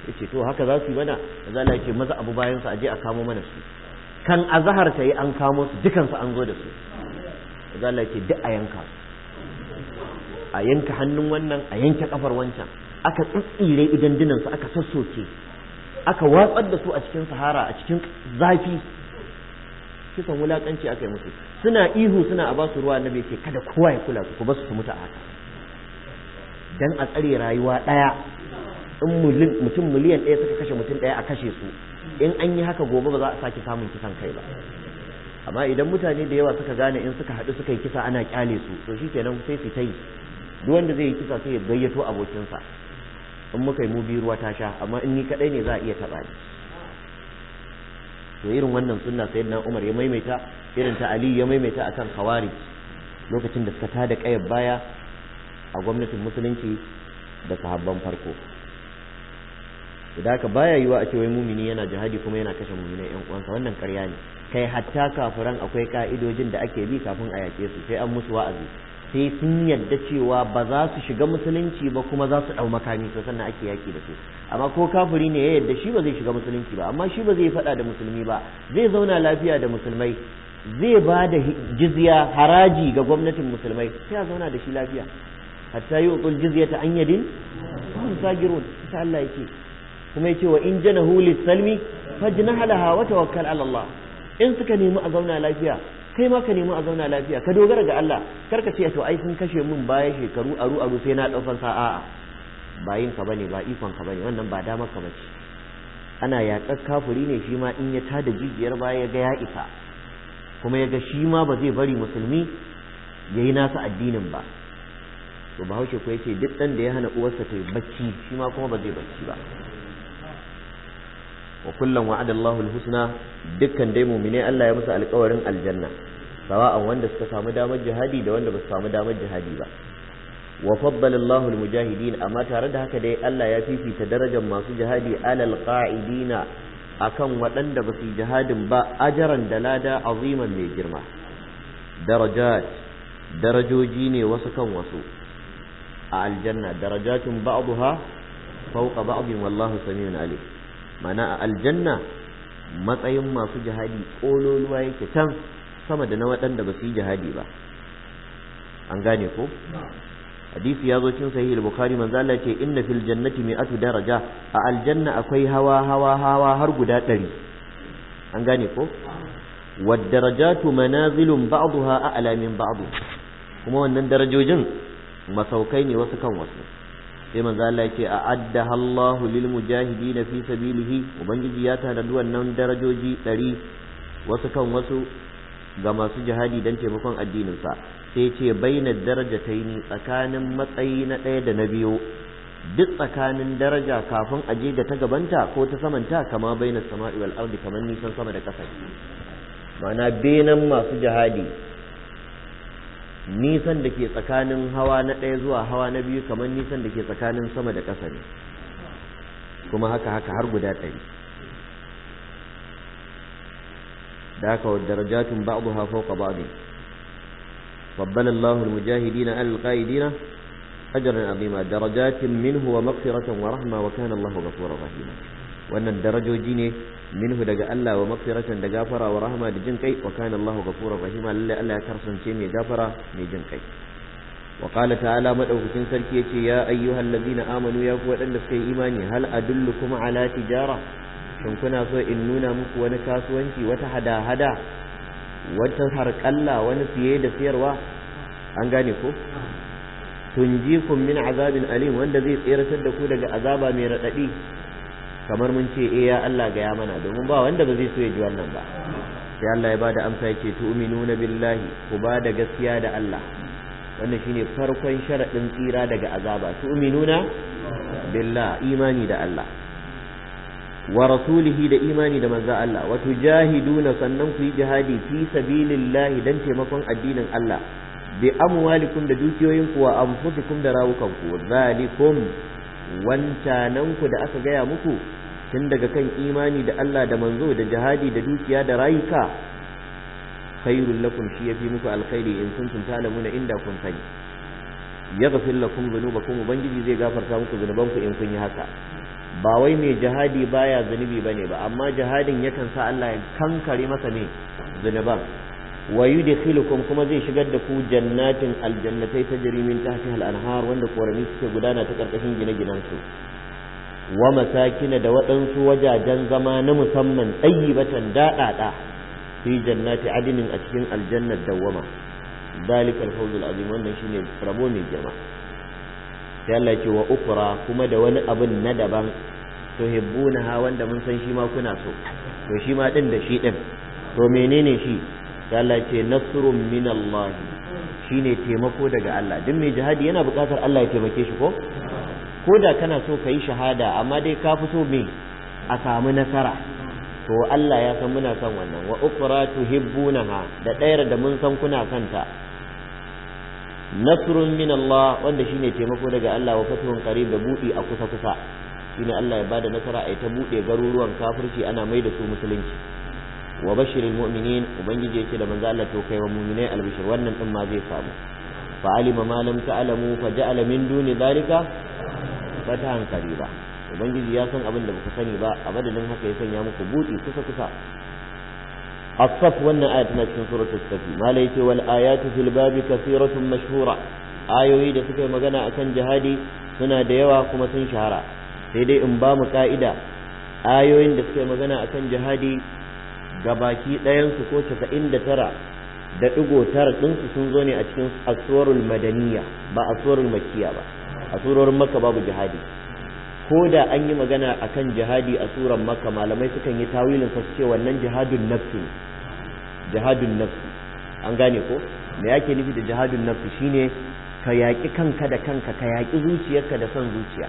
yace to haka za su yi mana kaza la yake maza abu bayan su aje a kamo mana su kan azhar tayi yi an kamo su dukan su an zo da su kaza la yake duk a yanka a yanka hannun wannan a yanke kafar wancan aka tsitsire idan dinan su aka sassoke aka watsar da su a cikin sahara a cikin zafi kisan wulakanci aka yi musu suna ihu suna a basu ruwa na bai kada kowa ya kula su ku basu su mutu a haka dan a tsare rayuwa daya in mutum miliyan ɗaya suka kashe mutum ɗaya a kashe su in an yi haka gobe ba za a sake samun kisan kai ba amma idan mutane da yawa suka gane in suka haɗu suka yi kisa ana kyale su to shi kenan sai su ta yi duk wanda zai yi kisa sai ya gayyato abokinsa in muka yi mu biyu ruwa ta sha amma in ni kaɗai ne za a iya taɓa ni to irin wannan sunna na Umar ya maimaita irin ta Ali ya maimaita akan Khawari lokacin da suka tada kayar baya a gwamnatin musulunci da sahabban farko da ka baya yiwa a ce wai mumini yana jihadi kuma yana kashe muminai yan uwansa wannan ƙarya ne kai hatta kafiran akwai ka'idojin da ake bi kafin a yake su sai an musu wa'azi sai sun yadda cewa ba za su shiga musulunci ba kuma za su ɗau makami to sannan ake yaƙi da su amma ko kafiri ne ya yadda shi ba zai shiga musulunci ba amma shi ba zai faɗa da musulmi ba zai zauna lafiya da musulmai zai ba da jizya haraji ga gwamnatin musulmai sai a zauna da shi lafiya hatta yi utul jizya ta an yadin sun sagirun ta Allah yake kuma yake wa in jana hulis salmi fajnaha halaha wa tawakkal ala Allah in suka nemi a zauna lafiya kai ma ka nemi a zauna lafiya ka dogara ga Allah kar ka ce to ai sun kashe min baya shekaru aru aru sai na sa a'a. ba yin ka bane ba ikon ka bane wannan ba damar ka bace ana yaƙar kafuri ne shi ma in ya tada jijiyar baya ya ga ya isa kuma yaga shi ma ba zai bari musulmi yayi nasa addinin ba to bahaushe ko ya ce duk dan da ya hana uwarsa ta yi bacci shi ma kuma ba zai bacci ba wa kullum wa'ada Allahu husna dukkan dai mu'mine Allah ya musu alƙawarin aljanna sawa'an wanda suka samu damar jihadi da wanda ba su samu damar jihadi ba wa faddala Allahu mujahidin amma tare da haka dai Allah ya fifita darajar masu jihadi alal qa'idina akan waɗanda ba su jihadin ba ajaran da lada aziman mai girma darajat darajoji ne wasu kan wasu a aljanna darajatun ba'daha fawqa ba'din wallahu samiun alim mana a aljanna matsayin masu jihadi ƙololuwa yake can sama da na waɗanda ba su yi jihadi ba an gane ko hadisi ya zo cin sahihul bukhari manzo Allah ce inna fil jannati mi'atu daraja a aljanna akwai hawa hawa hawa har guda ɗari an gane ko wad darajatu manazilun ba'daha a'la min ba'd kuma wannan darajojin masaukai ne wasu kan wasu sai manzo Allah yake adda Allahu lil mujahidin fi sabilihi ubangiji ya da wannan darajoji 100 wasu kan wasu ga masu jihadi dan taimakon addinin sa sai ce baina darajataini tsakanin matsayi na ɗaya da na biyu duk tsakanin daraja kafin a je da ta gabanta ko ta samanta kama baina sama'i wal ardi kamar nisan sama da kasa ma'ana benan masu jihadi nisan da ke tsakanin hawa na ɗaya zuwa hawa na biyu kamar nisan da ke tsakanin sama da ƙasa ne kuma haka haka har guda ɗari da haka wa darajatun ba'du ha fawqa ba'd rabbana Allahu al-mujahidina al na ajran azima darajatin minhu wa maghfiratan wa rahma wa kana ga ghafurur rahima wannan darajoji ne minhu daga Allah wa magfiratan da gafara wa rahama da jin kai wa kana Allahu ghafurur rahim lalle Allah ya karsance mai gafara mai jin kai wa qala ta'ala madaukakin sarki yace ya ayyuhal ladina amanu ya ku wadanda suka yi imani hal adullukum ala tijara shin kuna so in nuna muku wani kasuwanci wata hada-hada wata harƙalla wani fiye da siyarwa an gane ko tunjikum min azabin alim wanda zai tseratar da ku daga azaba mai raɗaɗi kamar mun ce eh ya Allah gaya mana domin ba wanda ba zai so ya ji wannan ba sai Allah ya bada amsa yake tu'minuna billahi ku bada gaskiya da Allah wannan shine farkon sharadin tsira daga azaba tu'minuna billah imani da Allah wa rasulihi da imani da manzo Allah wa tujahiduna sannan ku yi jihadi fi sabilillahi dan taimakon addinin Allah bi amwalikum da dukiyoyinku wa anfusikum da rawukanku zalikum wancananku da aka gaya muku tun daga kan imani da Allah da manzo da jihadi da dukiya da rayuka khairul lakum shi yafi muku alkhairi in kuntum na inda kun sani yaghfir lakum dhunubakum ubangiji zai gafarta muku zunubanku in kun yi haka ba wai mai jihadi baya zunubi bane ba amma jihadin yakan sa Allah ya kankare masa ne zunuban wa yudkhilukum kuma zai shigar da ku jannatin aljannatai tajri min tahtiha al-anhar wanda korami suke gudana ta karkashin gine-ginansu su wa masakina da waɗansu wajajen zama na musamman batan daɗaɗa fi jannati adinin a cikin aljannar dawwama ذلك الفوز العظيم wannan shine rabo mai girma sai Allah ce wa ukra kuma da wani abin na daban to hibbunaha wanda mun san shi ma kuna so to shi ma din da shi din to menene shi sai Allah ce nasrun min shine taimako daga Allah duk mai jihadi yana buƙatar Allah ya taimake shi ko ko da kana so ka yi shahada amma dai ka fi so me a samu nasara to Allah ya san muna son wannan wa ukra tuhibbunaha da ɗayar da mun san kuna kanta ta nasrun min Allah wanda shine taimako daga Allah wa fatuhun qarib da budi a kusa kusa shine Allah ya bada nasara ai ta bude garuruwan kafirci ana mai da su musulunci wa bashirin mu'minin ubangiji yake da manzo Allah to kai wa mu'minai albishir wannan din ma zai samu fa alima ma lam ta'lamu fa ja'ala min duni dhalika karɓa ta hankali ba ubangiji ya san abin da baka sani ba a madadin haka ya sanya muku buɗe kusa kusa asaf wannan aya tana cikin suratul safi mala yace wal ayatu fil babi kathiratun mashhura ayoyi da suka yi magana akan jihadi suna da yawa kuma sun shahara sai dai in ba mu ka'ida ayoyin da suka yi magana akan jihadi ga gabaki su ko casa'in da tara da ɗigo tara ɗinsu sun zo ne a cikin asuwarul madaniya ba asuwarul makiya ba a surorin maka babu jihadi ko da an yi magana akan jihadi a surar maka malamai sukan yi tawilin sa ce wannan jihadun nafsi jihadun nafsi an gane ko me yake nufi da jihadun nafsi shine ka yaƙi kanka da kanka ka yaƙi zuciyarka da son zuciya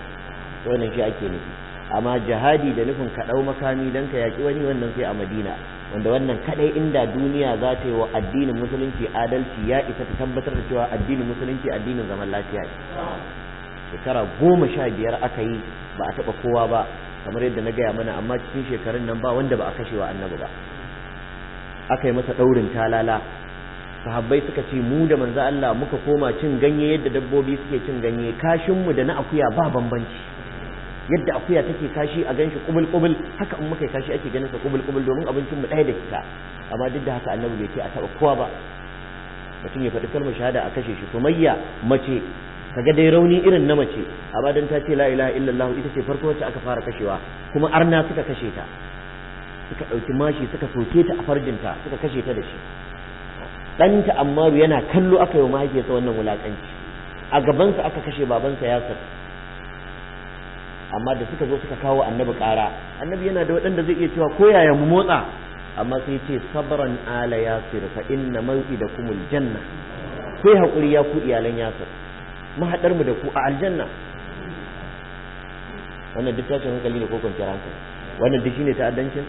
wannan shi ake nufi amma jihadi da nufin ka ɗau makami don ka yaƙi wani wannan sai a madina wanda wannan kaɗai inda duniya za ta yi wa addinin musulunci adalci ya isa ta tabbatar da cewa addinin musulunci addinin zaman lafiya ne shekara goma sha biyar aka yi ba a taɓa kowa ba kamar yadda na gaya mana amma cikin shekarun nan ba wanda ba a kashe wa annabi ba aka yi masa ɗaurin talala sahabbai suka ce mu da manzo Allah muka koma cin ganye yadda dabbobi suke cin ganye kashin mu da na akuya ba bambanci yadda akuya take kashi a ganshi kubul kubul haka in muka kashi ake ganin sa kubul kubul domin abincin mu ɗaya da kita amma duk da haka annabi bai ce a taba kowa ba mutum ya faɗi kalmar shahada a kashe shi sumayya mace ga dai rauni irin na mace abadan dan ta ce la ilaha illallah ita ce farko wacce aka fara kashewa kuma arna suka kashe ta suka ɗauki mashi suka soke ta a farjinta suka kashe ta da shi Danta ammaru yana kallo aka yi wa mahaifiyarsa wannan wulaƙanci a gabansa aka kashe babansa yasir amma da suka zo suka kawo annabi ƙara annabi yana da waɗanda zai iya cewa ko yaya mu motsa amma sai ce sabran ala yasir fa inna maw'idakumul janna sai hakuri ya ku iyalan yasir mahadar mu da ku a aljanna wannan duk tashin hankali da ko kwanciyar hankali wannan duk shine ta'addancin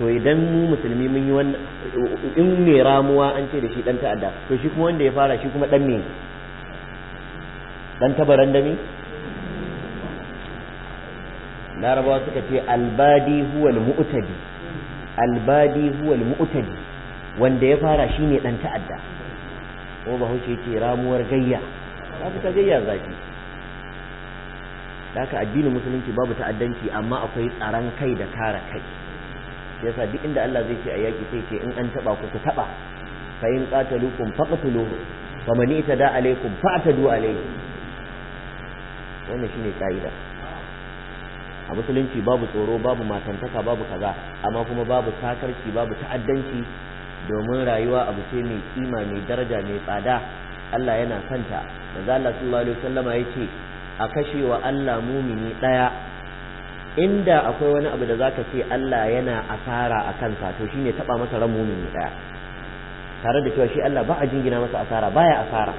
to idan mu musulmi mun yi wannan in mai ramuwa an ce da shi dan ta'adda to shi kuma wanda ya fara shi kuma dan me dan tabaran dami larabawa suka ce albadi huwa mu'tadi albadi huwa mu'tadi wanda ya fara shine dan ta'adda ko bahaushe ce ramuwar gayya ta fi ta gayya zafi da haka addinin musulunci babu ta'addanci amma akwai tsaron kai da kare kai yasa duk inda Allah zai ce a yaki sai ce in an taba ku ku taba fa in qatalukum faqtuluhu fa man itada alaykum fa'tadu alayhi wannan shine kaida a musulunci babu tsoro babu matantaka babu kaza amma kuma babu sakarci babu ta'addanci domin rayuwa abu ce mai kima mai daraja mai tsada Allah yana santa manzo Allah sallallahu alaihi wasallama yace a kashewa Allah mumini daya inda akwai wani abu da zaka ce Allah yana asara a kansa to shine taba masa ran mumini daya tare da cewa shi Allah ba a jingina masa asara baya asara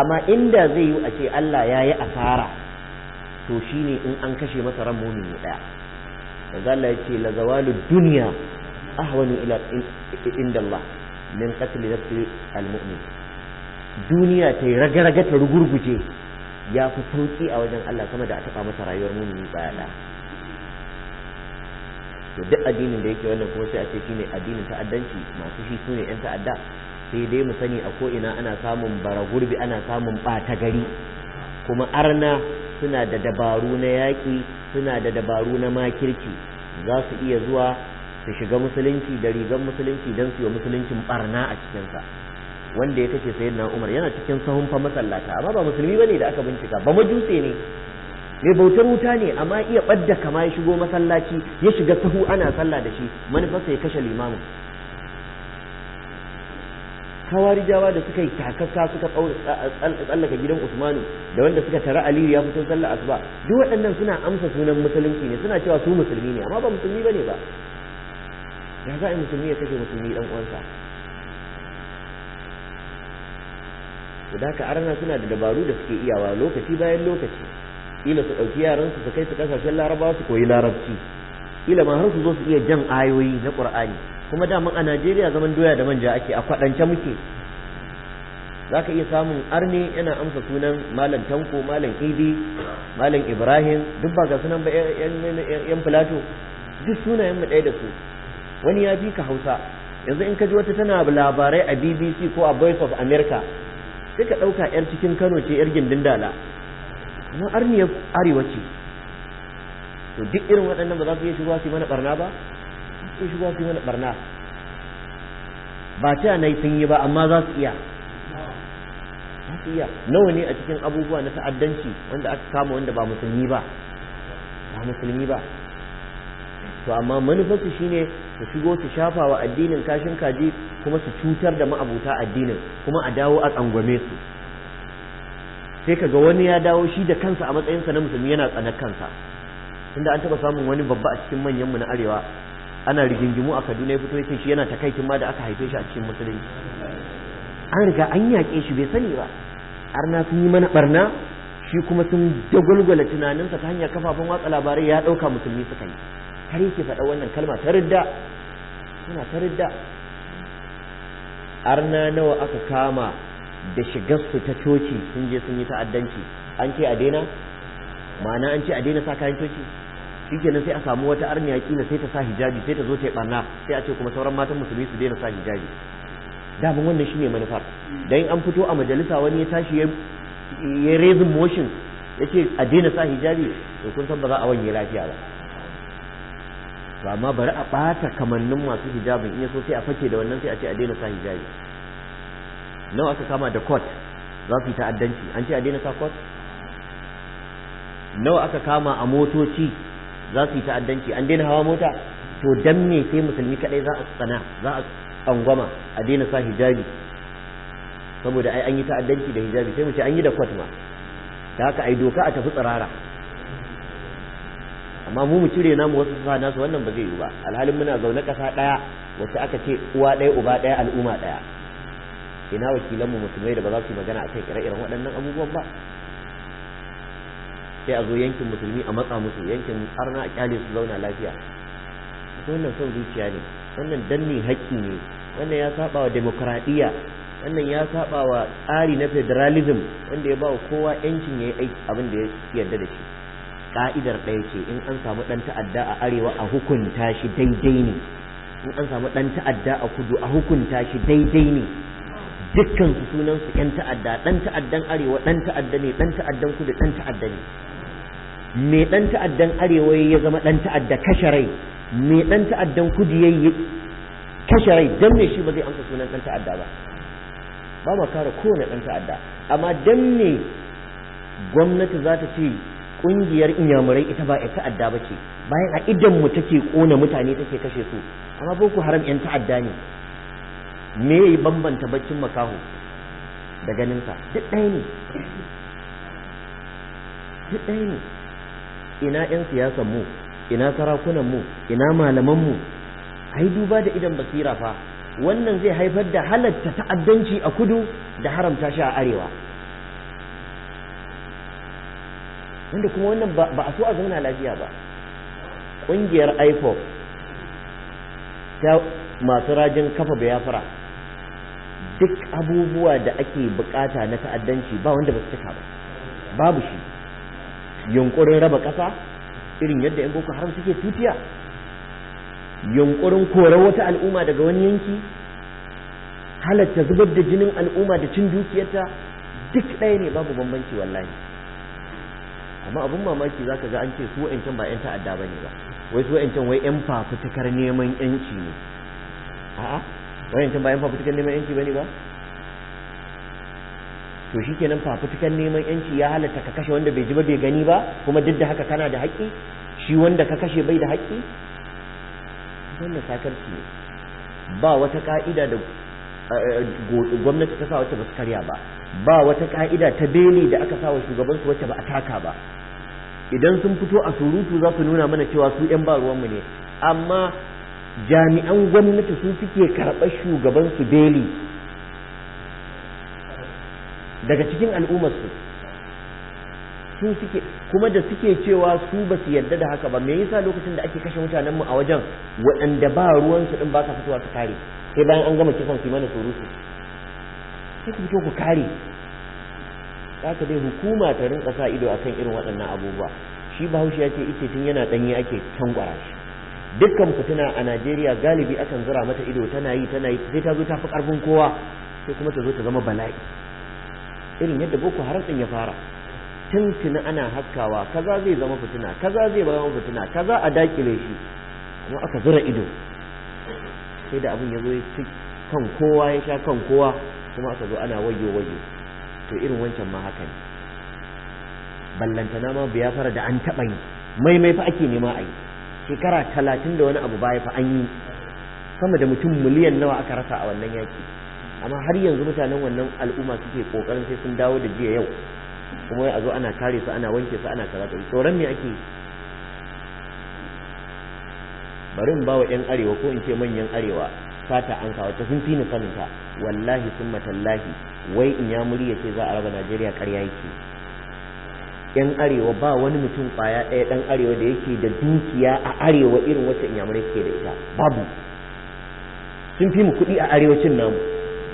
amma inda zai yi a ce Allah ya yi asara to shine in an kashe masa ran mumini daya manzo Allah yace la zawalud dunya ahwanu ila inda Allah min qatl nafsi almu'min duniya ta yi ragaraga ta rugurguje ya fi sauki a wajen Allah sama da a masa rayuwar mumini baya da to duk addinin da yake wannan kuma sai a ce shine addinin ta'addanci masu shi sune yan ta'adda sai dai mu sani a ko ina ana samun baragurbi ana samun ɓata gari kuma arna suna da dabaru na yaƙi suna da dabaru na makirci za su iya zuwa su shiga musulunci da rigar musulunci don su yi musuluncin barna a cikinsa wanda ya kace sayin na umar yana cikin sahun fa masallata amma ba musulmi bane da aka bincika ba majuse ne mai bautar wuta ne amma iya badda kama ya shigo masallaci ya shiga sahu ana sallah da shi sa ya kashe limamin kawarijawa da suka yi takaka suka tsallaka gidan usmanu da wanda suka tara aliyu ya fito sallah asuba duk waɗannan suna amsa sunan musulunci ne suna cewa su musulmi ne amma ba musulmi bane ba ya za a yi musulmi ya kashe musulmi dan uwansa su da ka arna suna da dabaru da suke iyawa lokaci bayan lokaci ila su ɗauki yaran su kai su kasashen larabawa su koyi larabci ila ma har su zo su iya jan ayoyi na qur'ani kuma daman a najeriya zaman doya da manja ake a kwaɗance muke za ka iya samun arne yana amsa sunan malam tanko malam idi malam ibrahim duk ba ga sunan ba yan filato duk sunayen mu ɗaya da su wani ya fi ka hausa yanzu in ka ji wata tana labarai a bbc ko a voice of america sai ka ɗauka 'yar cikin kano ce 'yar gindin dala amma arniyar arewa ce to duk irin waɗannan ba za su iya shigowa su yi mana barna ba su shigowa su yi mana barna ba ta na sun yi ba amma za su iya za su iya nawa ne a cikin abubuwa na ta'addanci wanda aka kama wanda ba musulmi ba ba musulmi ba to amma manufarsu shine su shigo su shafa wa addinin kashin kaji kuma su cutar da ma'abuta addinin kuma a dawo a tsangwame su sai ka ga wani ya dawo shi da kansa a matsayinsa na musulmi yana tsanar kansa tunda an taba samun wani babba a cikin manyan mu na arewa ana rigingimu a Kaduna ya fito yake shi yana takaitin ma da aka haife shi a cikin musulunci an riga an yaƙe shi bai sani ba arna sun yi mana barna shi kuma sun dagwalgwala tunaninsa ta hanyar kafafen watsa labarai ya ɗauka musulmi suka yi har yake faɗa wannan kalma ta ridda suna ta ridda arna nawa aka kama da shigarsu ta coci sun je sun yi ta'addanci an ce a daina ma'ana an ce a daina sa kayan coci kenan sai a samu wata arniya kila sai ta sa hijabi sai ta zo ta yi barna sai a ce kuma sauran matan musulmi su daina sa hijabi daman wannan shine manufar da in an fito a majalisa wani ya tashi ya raise motion ya ce a daina sa hijabi to kun san ba za a wanye lafiya ba to amma bari a ɓata kamannin masu hijabin in yaso sai a fake da wannan sai a ce a daina sa hijabi nawa aka kama da court za su yi ta'addanci an ce a daina sa court nawa aka kama a motoci za su yi ta'addanci an daina hawa mota to dan me sai musulmi kadai za a tsana za a tsangwama a daina sa hijabi saboda ai an yi ta'addanci da hijabi sai mu ce an yi da court ma da haka ai doka a tafi tsirara amma mu mu cire namu wasu su nasu wannan ba zai yi ba alhalin muna zaune ƙasa ɗaya wacce aka ce uwa ɗaya uba ɗaya al'umma ɗaya ina wakilan mu musulmai da ba za su yi magana akan ire-iren waɗannan abubuwan ba sai a zo yankin musulmi a matsa musu yankin arna a kyale su zauna lafiya wannan son zuciya ne wannan danne haƙƙi ne wannan ya saba wa demokradiyya wannan ya saba wa tsari na federalism wanda ya ba wa kowa yancin ya yi aiki abin da ya yarda da shi ka'idar ɗaya ce in an samu ɗan ta'adda a arewa a hukunta shi daidai ne in an samu ɗan ta'adda a kudu a hukunta shi daidai ne dukkan su sunan su ƴan ta'adda ɗan ta'addan arewa ɗan ta'adda ne ɗan ta'addan kudu ɗan ta'adda ne me ɗan ta'addan arewa ya zama ɗan ta'adda kashe rai me ɗan ta'addan kudu ya kashe rai dan me shi ba zai amsa sunan ɗan ta'adda ba ba ma kare kowane ɗan ta'adda amma dan me gwamnati za ta ce Ƙungiyar inyamurai ita ba ita ta'adda ba ce bayan a idan mu take kona mutane take kashe su amma boko haram yan ta'adda ne me ya bambanta bakin makaho da ganinsa duk ɗaya ne duk ɗaya ne ina yan siyasan mu ina sarakunan mu ina malaman mu ai duba da idan basira fa wannan zai haifar da halatta ta'addanci a kudu da haramta shi a arewa wanda kuma wannan ba a so a zauna lafiya ba ƙungiyar ipop ta masu rajin kafa bayafra duk abubuwa da ake bukata na ta'addanci ba wanda ba su cika ba babu shi yunkurin raba ƙasa irin yadda 'yan boko haram suke tutiya yunkurin korar wata al'umma daga wani yanki halatta zubar da jinin al'umma da cin dukiyarta duk ɗaya ne babu bambanci wallahi amma abin mamaki ka ga an ce su wa'ancan ba 'yan ta'adda ne ba wai su wa'ancan wai 'yan fafutukar neman 'yanci ne a'a wa'ancan ba 'yan fafutukar neman 'yanci ne ba to shikenan fafutukar neman 'yanci ya halatta ka kashe wanda bai ji ba bai gani ba kuma duk da haka kana da haƙƙi shi wanda ka kashe bai da haƙƙi wannan sakarci ne ba wata ka'ida da eh, eh, gwamnati ta sa wacce ba su karya ba ba wata ka'ida ta beli da aka sa wa shugabansu wacce ba a taka ba idan sun fito a surutu za su nuna mana cewa su 'yan ba ruwanmu ne amma jami'an gwamnati sun suke karɓar shugabansu beli daga cikin al'ummar su suke kuma da suke cewa su ba su yarda da haka ba me yasa lokacin da ake kashe mutanen mu a wajen waɗanda ba ruwansu ɗin ba ka fitowa su kare sai bayan an gama kisan su mana surutu sai ku fito ku kare haka dai hukuma ta rinka sa ido akan irin waɗannan abubuwa shi bahaushe ya ce ice tun yana ɗanye ake tangwara shi dukkan fitina a najeriya galibi akan zura mata ido tana yi tana yi sai ta zo ta fi ƙarfin kowa sai kuma ta zo ta zama bala'i irin yadda boko haram ɗin ya fara tun tuni ana haskawa kaza zai zama fitina kaza zai zama fitina kaza a dakile shi kuma aka zura ido sai da abin ya zo kan kowa ya sha kan kowa kuma aka zo ana wayo wayo to irin wancan ma haka ne ballantana ma biya fara da an taɓa yi mai fa ake nema a yi shekara talatin da wani abu baya fa an yi sama da mutum miliyan nawa aka rasa a wannan yaki amma har yanzu mutanen wannan al'umma suke kokarin sai sun dawo da jiya yau kuma a zo ana kare su ana wanke su ana kaza tsoron me ake bari in ba wa 'yan arewa ko in ce manyan arewa sata an kawo ta sun fi ni sanin ta wallahi sun matallahi wai in ya muri ce za a raba Najeriya ƙarya yake yan arewa ba wani mutum kwaya ɗaya ɗan arewa da yake da dukiya a arewa irin wacce inyamurai ke da ita babu sun fi mu kuɗi a arewacin namu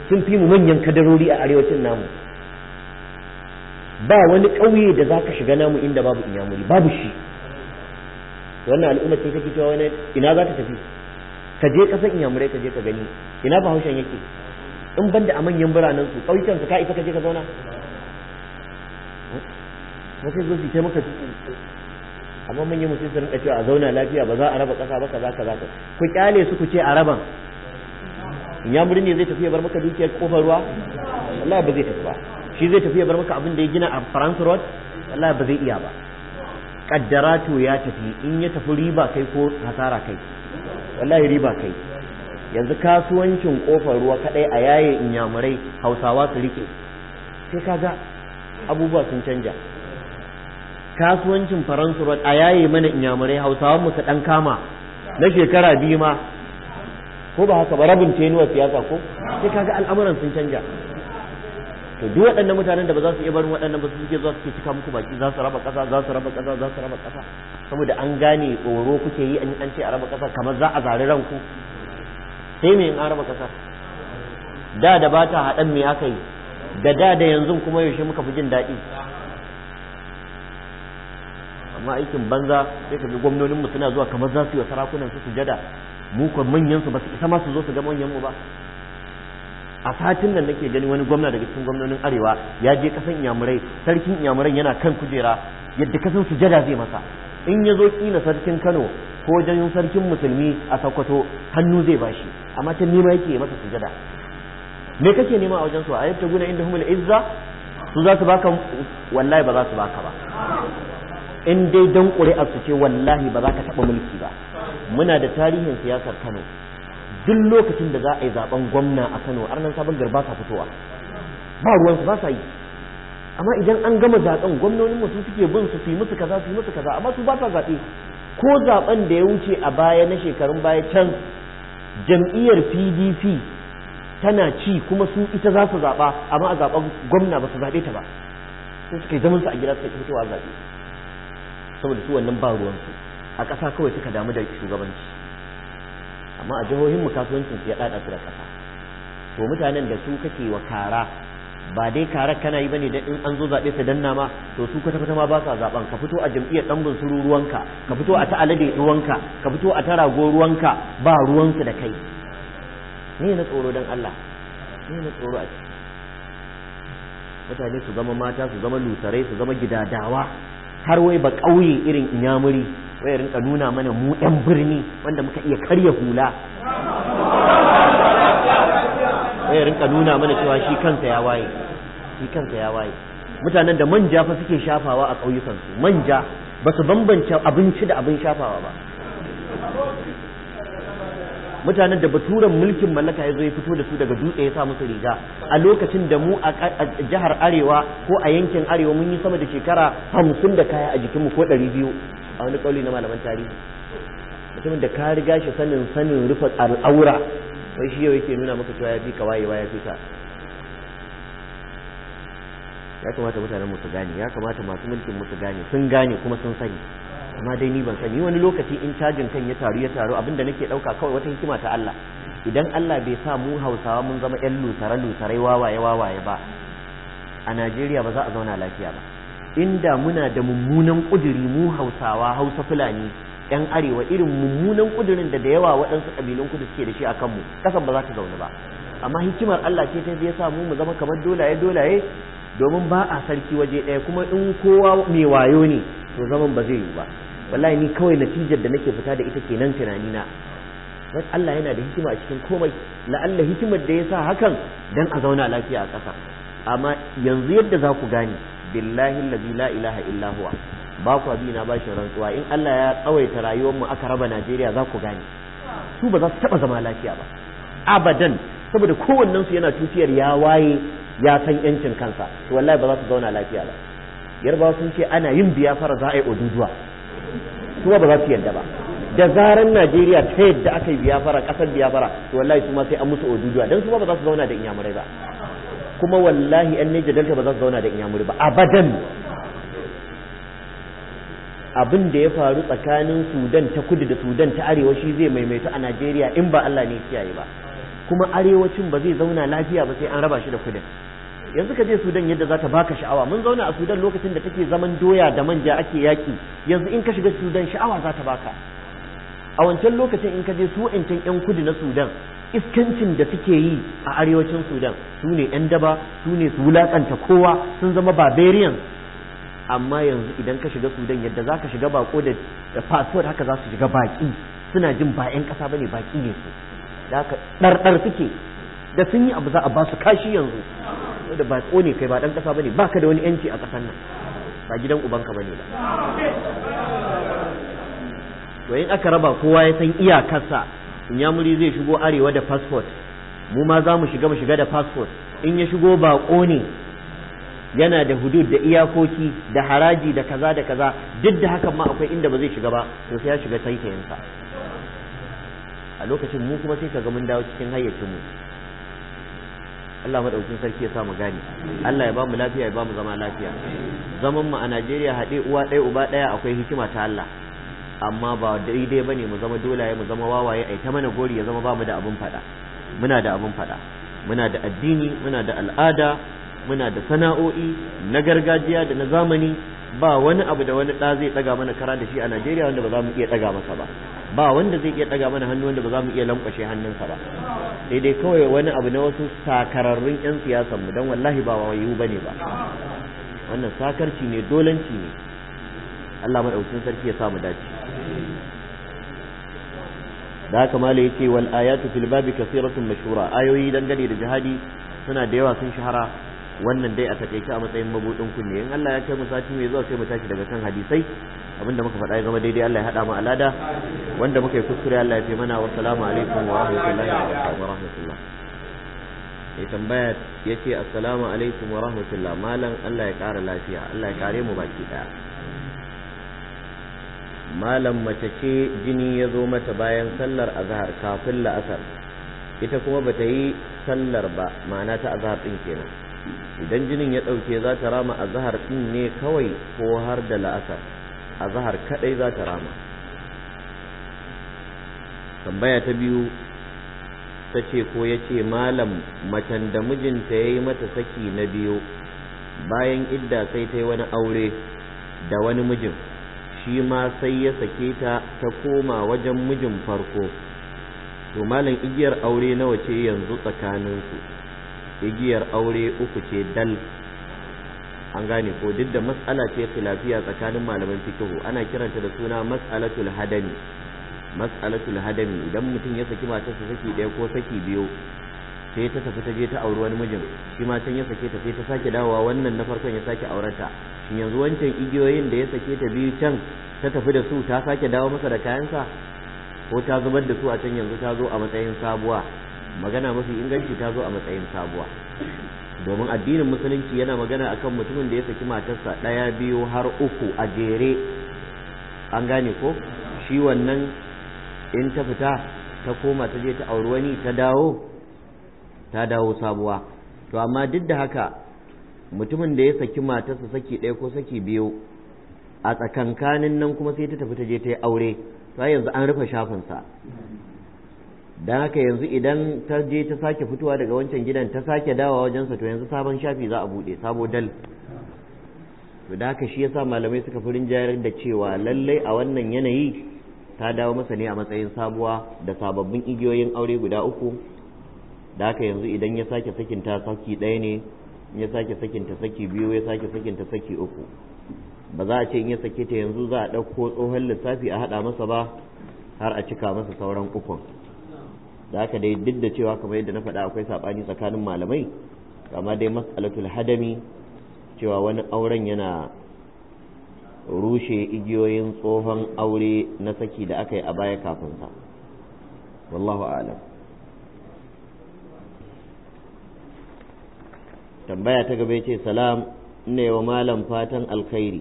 sun fi mu manyan kadarori a arewacin namu ba wani ƙauye da za ka shiga namu inda babu inyamuri babu shi wannan al'ummar ce take cewa wani ina za ta tafi ka je ƙasar inyamurai ka je ka gani ina bahaushen yake in banda a manyan biranen su ƙauyukan su ka isa ka je ka zauna wasu zo su ce maka amma manyan musu su rinka cewa a zauna lafiya ba za a raba ƙasa ba kaza kaza ka ku kyale su ku ce a raban inyamuri ne zai tafi ya bar maka dukiyar kofar ruwa wallahi ba zai tafi ba shi zai tafi ya bar maka abin da ya gina a France Road wallahi ba zai iya ba kaddara to ya tafi in ya tafi riba kai ko hasara kai wallahi riba kai yanzu kasuwancin kofar ruwa kadai a yaye inyamurai hausawa su rike sai kaga abubuwa sun canja kasuwancin faransu a yaye mana inyamurai Hausawa, mu su dan kama na shekara biyu ma ko ba haka ba rabin tenuwa siyasa ko sai kaga al'amuran sun canja to duk waɗannan mutanen da ba za su iya barin waɗannan ba su suke zuwa suke cika muku baki za su raba ƙasa za su raba ƙasa za su raba ƙasa saboda an gane tsoro kuke yi an ce a raba ƙasa kamar za a zari ranku sai me in an raba ƙasa da da ba ta haɗan me aka yi da da da yanzu kuma yaushe muka fi jin daɗi amma aikin banza sai ka ga gwamnoninmu suna zuwa kamar za su yi wa sarakunan su sujada mu kuwa manyan su ba su isa ma su zo su ga manyan mu ba a satin nan nake gani wani gwamna daga cikin gwamnonin arewa ya je kasan inyamurai sarkin inyamurai yana kan kujera yadda kasan sujada zai masa in ya zo kila sarkin kano ko janyo sarkin musulmi a sakwato hannu zai bashi amma can nema yake masa sujada me kake nema a wajen su a yadda guna inda humul izza su za su baka wallahi ba za su baka ba in dai dan ƙuri'ar su ce wallahi ba za ka taɓa mulki ba muna da tarihin siyasar kano duk lokacin da za a yi zaben gwamna a Kano arnan sabon garba sa fitowa ba ruwan su ba sa yi amma idan an gama zaben gwamnonin mu suke bin su fi musu kaza fi musu kaza amma su ba sa zabe ko zaben da ya wuce a baya na shekarun baya can jam'iyyar PDP tana ci kuma su ita za su zaba amma a zaben gwamna ba su zabe ta ba sun suke zaman su a gida suke fitowa zabe saboda su wannan ba ruwan su a ƙasa kawai suka damu da shugabanci amma a jihohin mu kasuwancin su ya dada su da kasa to mutanen da su kake wa kara ba dai karar kana yi bane dan in an zo zabe su danna ma to su kwata kwata ma ba sa zaben ka fito a jam'iyyar dan suru ruwanka ka fito a ta ruwanka ka fito a ta rago ruwanka ba ruwansu da kai ni na tsoro dan Allah ni na tsoro a ciki mutane su zama mata su zama lusarai su zama gidadawa har wai ba ƙauye irin inyamuri wai rinka nuna mana mu yan birni wanda muka iya karya hula wai rinka nuna mana cewa shi kansa ya waye shi kansa ya waye mutanen da manja fa suke shafawa a ƙauyukansu manja ba su bambance abinci da abin shafawa ba mutanen da baturan mulkin mallaka ya zo ya fito da su daga dutse ya sa musu riga a lokacin da mu a jihar arewa ko a yankin arewa mun yi sama da shekara hamsin da kaya a jikinmu ko ɗari biyu a wani kauli na malaman tarihi mutumin da ka riga shi sanin sanin rufe al'aura wai shi yau yake nuna maka cewa ya bi ka wayewa ya fi ya kamata mutanen mu su gane ya kamata masu mulkin mu su gane sun gane kuma sun sani amma dai ni ban sani wani lokaci in cajin kan ya taru ya taru abinda nake dauka kawai wata hikima ta Allah idan Allah bai sa mu Hausawa mun zama ƴan lusare lusarai wawaye wawaye ba a Najeriya ba za a zauna lafiya ba inda muna da mummunan ƙuduri mu hausawa hausa fulani yan arewa irin mummunan ƙudurin da da yawa waɗansu ƙabilun kudu suke da shi a kanmu ƙasan ba za ta zaune ba amma hikimar Allah ce ta ya sa mu mu zama kamar dolaye dolaye domin ba a sarki waje ɗaya kuma in kowa mai wayo ne to zaman ba zai yi ba wallahi ni kawai natijar da nake fita da ita kenan tunanina na Allah yana da hikima a cikin komai la'alla hikimar da ya sa hakan dan a zauna lafiya a ƙasa amma yanzu yadda za ku gane billahi allazi la ilaha illa huwa ba ku abi na bashin rantsuwa in Allah ya tsawaita rayuwar mu aka raba Najeriya za ku gane su ba za su taba zama lafiya ba abadan saboda kowannen su yana tutiyar ya waye ya san yancin kansa to wallahi ba za su zauna lafiya ba yarbawa sun ce ana yin biya fara za a yi oduduwa su ba za su yarda ba da zaran Najeriya ta yadda aka yi biyafara kasar biyafara to wallahi su ma sai an musu oduduwa dan su ba za su zauna da inyamurai ba kuma wallahi yan Niger Delta ba za su zauna da Inyamuri ba abadan abin da ya faru tsakanin Sudan ta kudu da Sudan ta arewa shi zai maimaito a Najeriya in ba Allah ne kiyaye ba kuma arewacin ba zai zauna lafiya ba sai an raba shi da kudin yanzu ka je Sudan yadda za ta baka sha'awa mun zauna a Sudan lokacin da take zaman doya da manja ake yaki yanzu in ka shiga Sudan sha'awa za ta baka a wancan lokacin in ka je su'intan 'yan kudu na Sudan iskancin da suke yi a arewacin sudan su ne 'yan daba su ne su wulaƙanta kowa sun zama barbarian amma yanzu idan ka shiga sudan yadda za ka shiga bako da fasuwar haka za su shiga baƙi suna jin ba 'yan ƙasa ba ne baƙi ne su Da ɗarɗar suke da sun yi abu za a ba su kashi yanzu da ba ne kai ba ɗan ƙasa ba ne ba ka da wani 'yanci a ƙasar nan ba gidan ubanka ba ne ba to in aka raba kowa ya san iyakarsa inyamuri zai shigo arewa da passport mu ma za mu shiga mu shiga da passport in ya shigo baƙo ne yana da hudud da iyakoki da haraji da kaza da kaza duk da hakan ma akwai inda ba zai shiga ba to sai ya shiga taitayensa a lokacin mu kuma sai kaga mun dawo cikin hayyacinmu Allah madaukin sarki ya sa mu gane Allah ya ba mu lafiya ya ba mu zama lafiya zaman mu a Najeriya haɗe uwa ɗaya uba ɗaya akwai hikima ta Allah amma ba daidai bane mu zama dolaye mu zama wawaye ai ta mana gori ya zama bamu da abun fada muna da abun fada muna da addini muna da al'ada muna da sana'o'i na gargajiya da na zamani ba wani abu da wani ɗa zai ɗaga mana kara da shi a Najeriya wanda ba za mu iya ɗaga masa ba ba wanda zai iya ɗaga mana hannu wanda ba za mu iya lankwashe hannunsa ba daidai kawai wani abu na wasu sakararrun 'yan siyasar mu dan wallahi ba wayu bane ba wannan sakarci ne dolanci ne Allah madaukakin sarki ya sa mu dace da haka malai yake wal ayatu fil babi kasiratun mashhura ayoyi dangane da jihadi suna da yawa sun shahara wannan dai a takaice a matsayin mabudin kunne in Allah ya kai mu sati mai zuwa sai mu tashi daga kan hadisai abinda muka faɗa ya zama daidai Allah ya haɗa mu alada wanda muka yi kuskure Allah ya fi mana wa salamu alaikum wa rahmatullahi wa rahmatullah ya tambaya yace assalamu alaikum wa rahmatullah malam Allah ya kara lafiya Allah ya kare mu baki ɗaya. malam mace ce jini ya zo mata bayan sallar azhar kafin la'asar ita kuma bata yi sallar ba ma'ana ta azhar din kenan idan jinin ya ɗauke za ta rama azhar din ne kawai ko har da la'asar azhar kadai za ta rama tambaya ta biyu ta ce ko ya ce malam macen da mijinta ya yi mata saki na biyu bayan idda sai ta yi wani aure da wani mijin shi ma sai ya sake ta ta koma wajen mijin farko to malam igiyar aure nawa ce yanzu tsakaninku igiyar aure uku ce dal an gane ko duk da matsala ce lafiya tsakanin malaman fikihu ana kiranta da suna matsalatul hadami matsalatul hadami idan mutum ya saki matarsa saki ɗaya ko saki biyu sai ta tafi ta je ta auri wani mijin shi ma can ya sake ta sai ta sake dawowa wannan na farkon ya sake aurata yanzu wancan igiyoyin da ya sake ta biyu can ta tafi da su ta sake dawo masa da kayansa ko ta zubar da su a can yanzu ta zo a matsayin sabuwa magana mafi inganci ta zo a matsayin sabuwa domin addinin musulunci yana magana akan mutumin da ya saki matarsa ɗaya biyu har uku a jere an gane ko shi wannan in ta fita ta koma ta je ta auri wani ta dawo ta dawo sabuwa to amma duk da haka mutumin da ya saki matarsa saki ɗaya ko saki biyu a tsakankanin nan kuma sai ta tafi ta je ta yi aure ta yanzu an rufe shafinsa don haka yanzu idan ta je ta sake fitowa daga wancan gidan ta sake dawa wajensa to yanzu sabon shafi za a buɗe sabo dal to da haka shi yasa malamai suka fi rinjayar da cewa lallai a wannan yanayi ta dawo masa ne a matsayin sabuwa da sababbin igiyoyin aure guda uku da haka yanzu idan ya sake sakin ta saki ɗaya ne ya sake sakinta saki biyu ya sake sakinta saki uku ba za a ce in ya sake ta yanzu za a ɗauko tsohon lissafi a haɗa masa ba har a cika masa sauran ukun da haka dai duk da cewa kamar yadda na faɗa akwai saɓani tsakanin malamai amma dai mas'alatul hadami cewa wani auren yana rushe igiyoyin tsohon aure na saki da aka yi a baya kafin sa wallahu a'lam tambaya ta gaba ce salam ne wa malam fatan alkhairi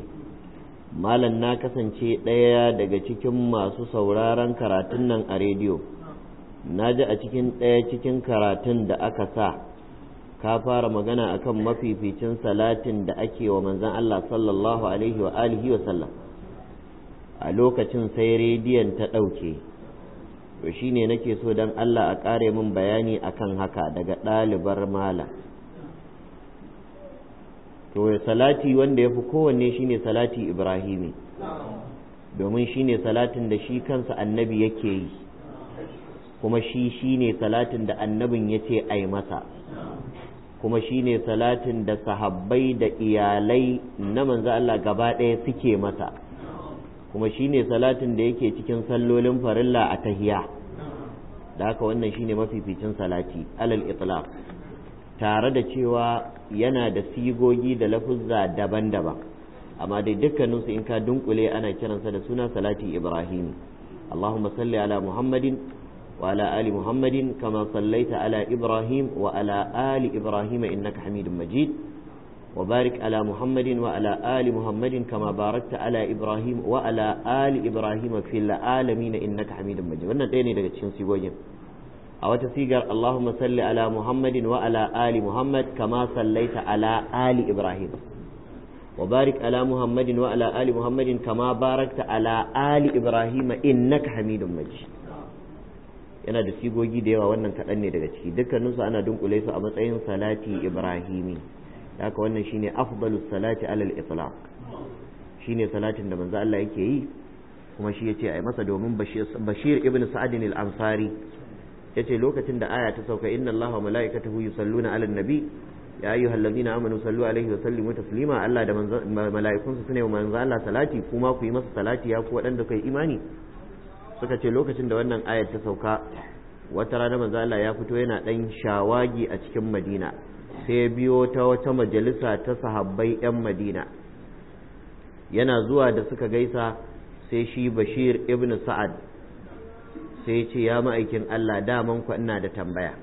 malam na kasance ɗaya daga cikin masu sauraron karatun nan a rediyo na ji a cikin ɗaya cikin karatun da aka sa ka fara magana akan mafificin salatin da ake wa manzan Allah sallallahu alaihi wa alihi wa sallam a lokacin sai rediyon ta ɗauke to shine nake so don Allah a ƙare min bayani akan haka daga ɗalibar malam to salati wanda ya fi kowanne shine salati ibrahimi domin shine salatin da shi kansa annabi yake yi kuma shi shine salatin da annabin ya ce ai masa kuma shine salatin da sahabbai da iyalai na manzo Allah gaba ɗaya suke masa kuma shine salatin da yake cikin sallolin farilla a tahiya da haka wannan shine mafificin salati alal itlaq tare da cewa yana da sigogi da lafuzza daban-daban amma dai dukkanin su in ka dunkule ana kiransa da suna salati ibrahim allahumma salli ala muhammadin wa ala ali muhammadin kama sallaita ala ibrahim wa ala ali ibrahim innaka hamidun majid wa barik ala muhammadin wa ala ali muhammadin kama barakta ala ibrahim wa ala ali ibrahim fil alamin innaka hamidun majid wannan ɗaya ne daga cikin sigogin a wata sigar Allahumma salli ala Muhammadin wa ala ali Muhammad kama sallaita ala ali Ibrahim wa barik ala Muhammadin wa ala ali Muhammadin kama barakta ala ali Ibrahim innaka Hamidum Majid yana da sigogi da yawa wannan kaɗan ne daga ciki dukkaninsu ana dunkule su a matsayin salati Ibrahimi haka wannan shine afdalus salati alal itlaq shine salatin da manzo Allah yake yi kuma shi yace ai masa domin Bashir ibn Sa'd al-Ansari yace lokacin da aya ta sauka inna allaha wa mala'ikatahu yusalluna 'alan nabi ya ayyuha allazina amanu sallu alaihi wa sallimu taslima Allah da mala'ikun su sune wa manzo Allah salati kuma ku yi masa salati ya ku wadanda kai imani suka ce lokacin da wannan aya ta sauka wata rana manzo Allah ya fito yana dan shawagi a cikin Madina sai biyo ta wata majalisa ta sahabbai yan Madina yana zuwa da suka gaisa sai shi Bashir ibn Sa'ad sai ya ce ya ma'aikin Allah daman ku ina da tambaya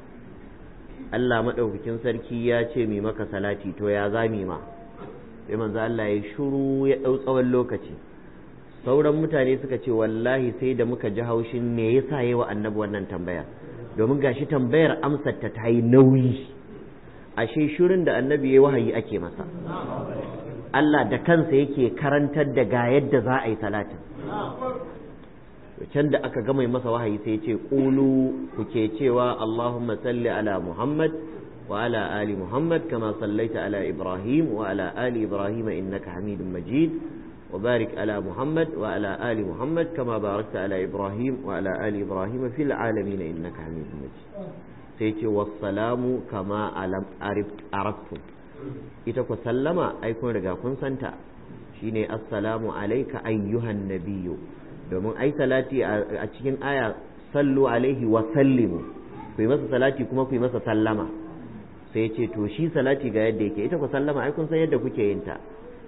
Allah maɗaukakin sarki ya ce mai maka salati to ya za ma sai manzo Allah ya shuru ya ɗau tsawon lokaci sauran mutane suka ce wallahi sai da muka ji haushin me yasa yayi wa annabi wannan tambaya domin gashi tambayar amsar ta tayi yi nauyi ashe shirin da annabi ya wahayi ake masa Allah da kansa yake karantar da ga yadda za a yi salatin can da aka gama masa wahayi sai ce qulu kuke cewa Allahumma salli ala Muhammad wa ala ali Muhammad kama sallaita ala Ibrahim wa ala ali Ibrahim innaka Hamidum Majid wa barik ala Muhammad wa ala ali Muhammad kama barakta ala Ibrahim wa ala ali Ibrahim fil alamin innaka Hamidum Majid sai ce wassalamu kama alam arabtum ita ku sallama ai kun riga kun santa shine assalamu alayka ayyuhan nabiyyu domin ai salati a cikin aya sallu alaihi wa sallimu ku yi masa salati kuma ku yi masa sallama sai ya ce to shi salati ga yadda yake ita ku sallama ai kun san yadda kuke yin ta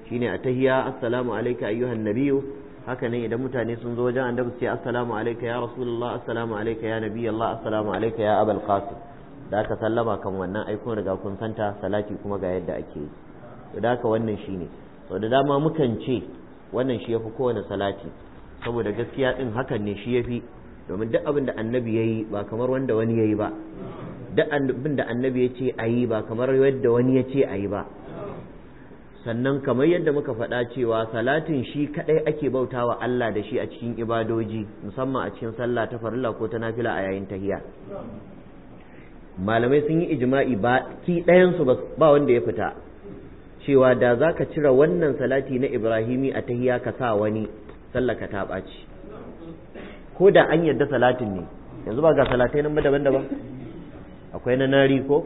shine tahiya assalamu alayka ayyuhan nabiyyu haka ne idan mutane sun zo wajen annabi sai ce assalamu alayka ya rasulullah assalamu alayka ya nabiyallah assalamu alayka ya abul qasim da aka sallama kan wannan ai kun riga kun santa salati kuma ga yadda ake yi to da haka wannan shine to da dama mukan ce wannan shi yafi kowane salati saboda gaskiya din hakan ne shi ya fi domin duk abin da annabi yayi ba kamar wanda wani yayi ba duk abin da annabi ya ce a yi ba kamar yadda wani ya ce a yi ba sannan kamar yadda muka faɗa cewa salatin shi kaɗai ake bauta wa Allah da shi a cikin ibadoji musamman a cikin sallah ta farilla ko ta nafila a yayin tahiya malamai sun yi ijma'i ba ki ɗayansu ba wanda ya fita cewa da za ka cire wannan salati na ibrahimi a tahiya ka sa wani sallaka ta ɓaci ko da an yadda salatin ne yanzu ba ga salatai nan daban daban akwai na nari ko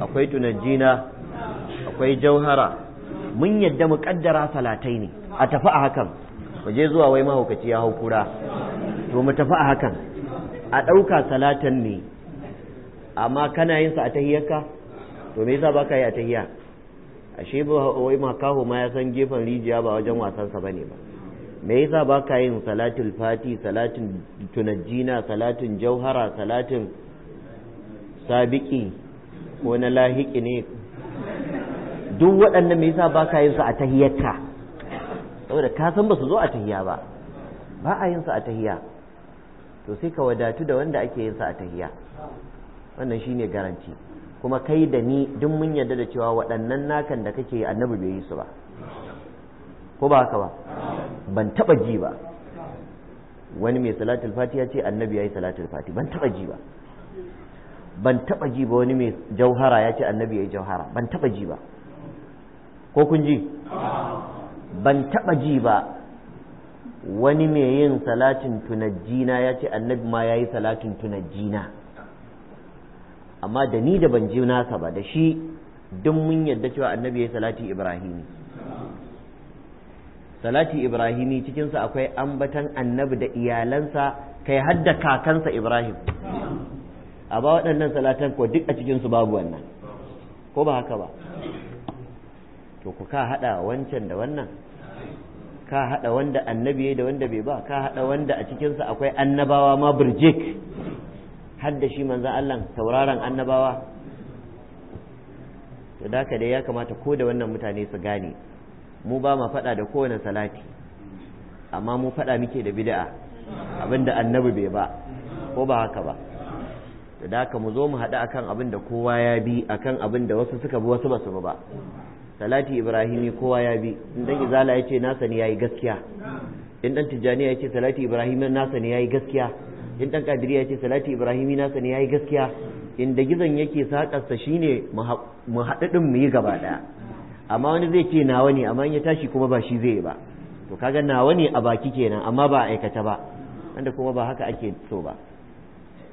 akwai tunajina akwai jauhara mun yadda mu kaddara salatai ne a tafi a hakan mu je zuwa wai mahaukaci ya hau kura to mu tafi a hakan a ɗauka salatan ne amma kana yin sa a tahiyarka to me yasa baka yi a tahiya ashe ba wai makaho ma ya san gefen rijiya ba wajen wasansa bane ba me yasa ba ka yin salatul fati salatin tunajjina salatin jauhara salatin sabiki ko na lahiki ne duk waɗannan me yasa ba ka yin su a tahiyyarka saboda ka san ba su zo a tahiyya ba ba a yin su a tahiyya to sai ka wadatu da wanda ake yin su a tahiyya wannan shine garanti kuma kai da ni duk mun yarda da cewa waɗannan nakan da kake annabi bai yi su ba ko ba haka ba ban taba ji ba wani mai salatul fati ya ce annabi ya yi salatul fati ban taba ji ba ban taba ji ba wani mai jauhara ya ce annabi ya yi jauhara ban taba ji ba ko kun ji ban taba ji ba wani mai yin salatin tunajjina ya ce annabi ma ya yi salatin tunajjina amma da ni da ban ji nasa ba da shi duk mun yadda cewa annabi ya yi salati ibrahimi salati ibrahimi cikinsa akwai ambatan annabi da iyalansa kai hadda kakansa ibrahim a ba waɗannan salatan ko duk a cikinsu babu wannan ko ba haka ba to ku ka haɗa wancan da wannan ka haɗa wanda annabi da wanda bai ba ka haɗa wanda a cikinsa akwai annabawa ma birjik hadda shi manzan allah tauraron annabawa to da dai ya kamata ko da wannan mutane su gane mu ba ma faɗa da kowane salati amma mu fada muke da bid'a abinda annabi bai ba ko ba haka ba To da haka mu zo mu haɗu akan abinda kowa ya bi akan abinda wasu suka bi wasu ba su ba salati ibrahimi kowa ya bi in dan izala yace na sani yayi gaskiya in dan tijani yace salati ibrahimi na sani yayi gaskiya in dan kadiri yace salati ibrahimi na sani yayi gaskiya in da gizon yake sakarsa shine mu haɗu din mu yi gaba ɗaya amma wani zai ce nawa ne amma in ya tashi kuma ba shi zai ba to kaga nawa ne a baki kenan amma ba a aikata ba wanda kuma ba haka ake so ba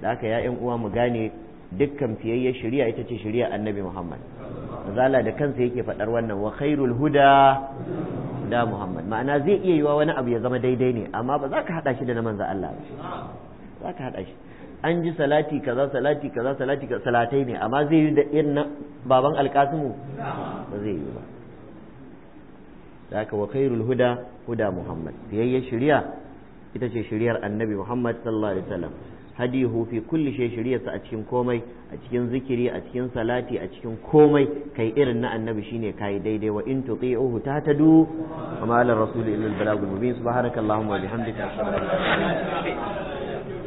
da haka ya uwa mu gane dukkan fiyayyar shari'a ita ce shari'a annabi muhammad zala da kansa yake faɗar wannan wa khairul huda da muhammad ma'ana zai iya yiwa wani abu ya zama daidai ne amma ba za ka haɗa shi da na manzan allah ba za ka haɗa shi an ji salati kaza salati kaza salati kaza salatai ne amma zai yi da irin baban alkasimu ba zai yi ba da aka wa khairul huda huda muhammad fiyayyar shari'a ita ce shari'ar annabi muhammad sallallahu alaihi wasallam hadihu fi kulli shay shari'arsa a cikin komai a cikin zikiri a cikin salati a cikin komai kai irin na annabi shine kai daidai wa in tuti'uhu tahtadu wa ma ala rasuli illa al-balagul mubin subhanakallahumma wa bihamdika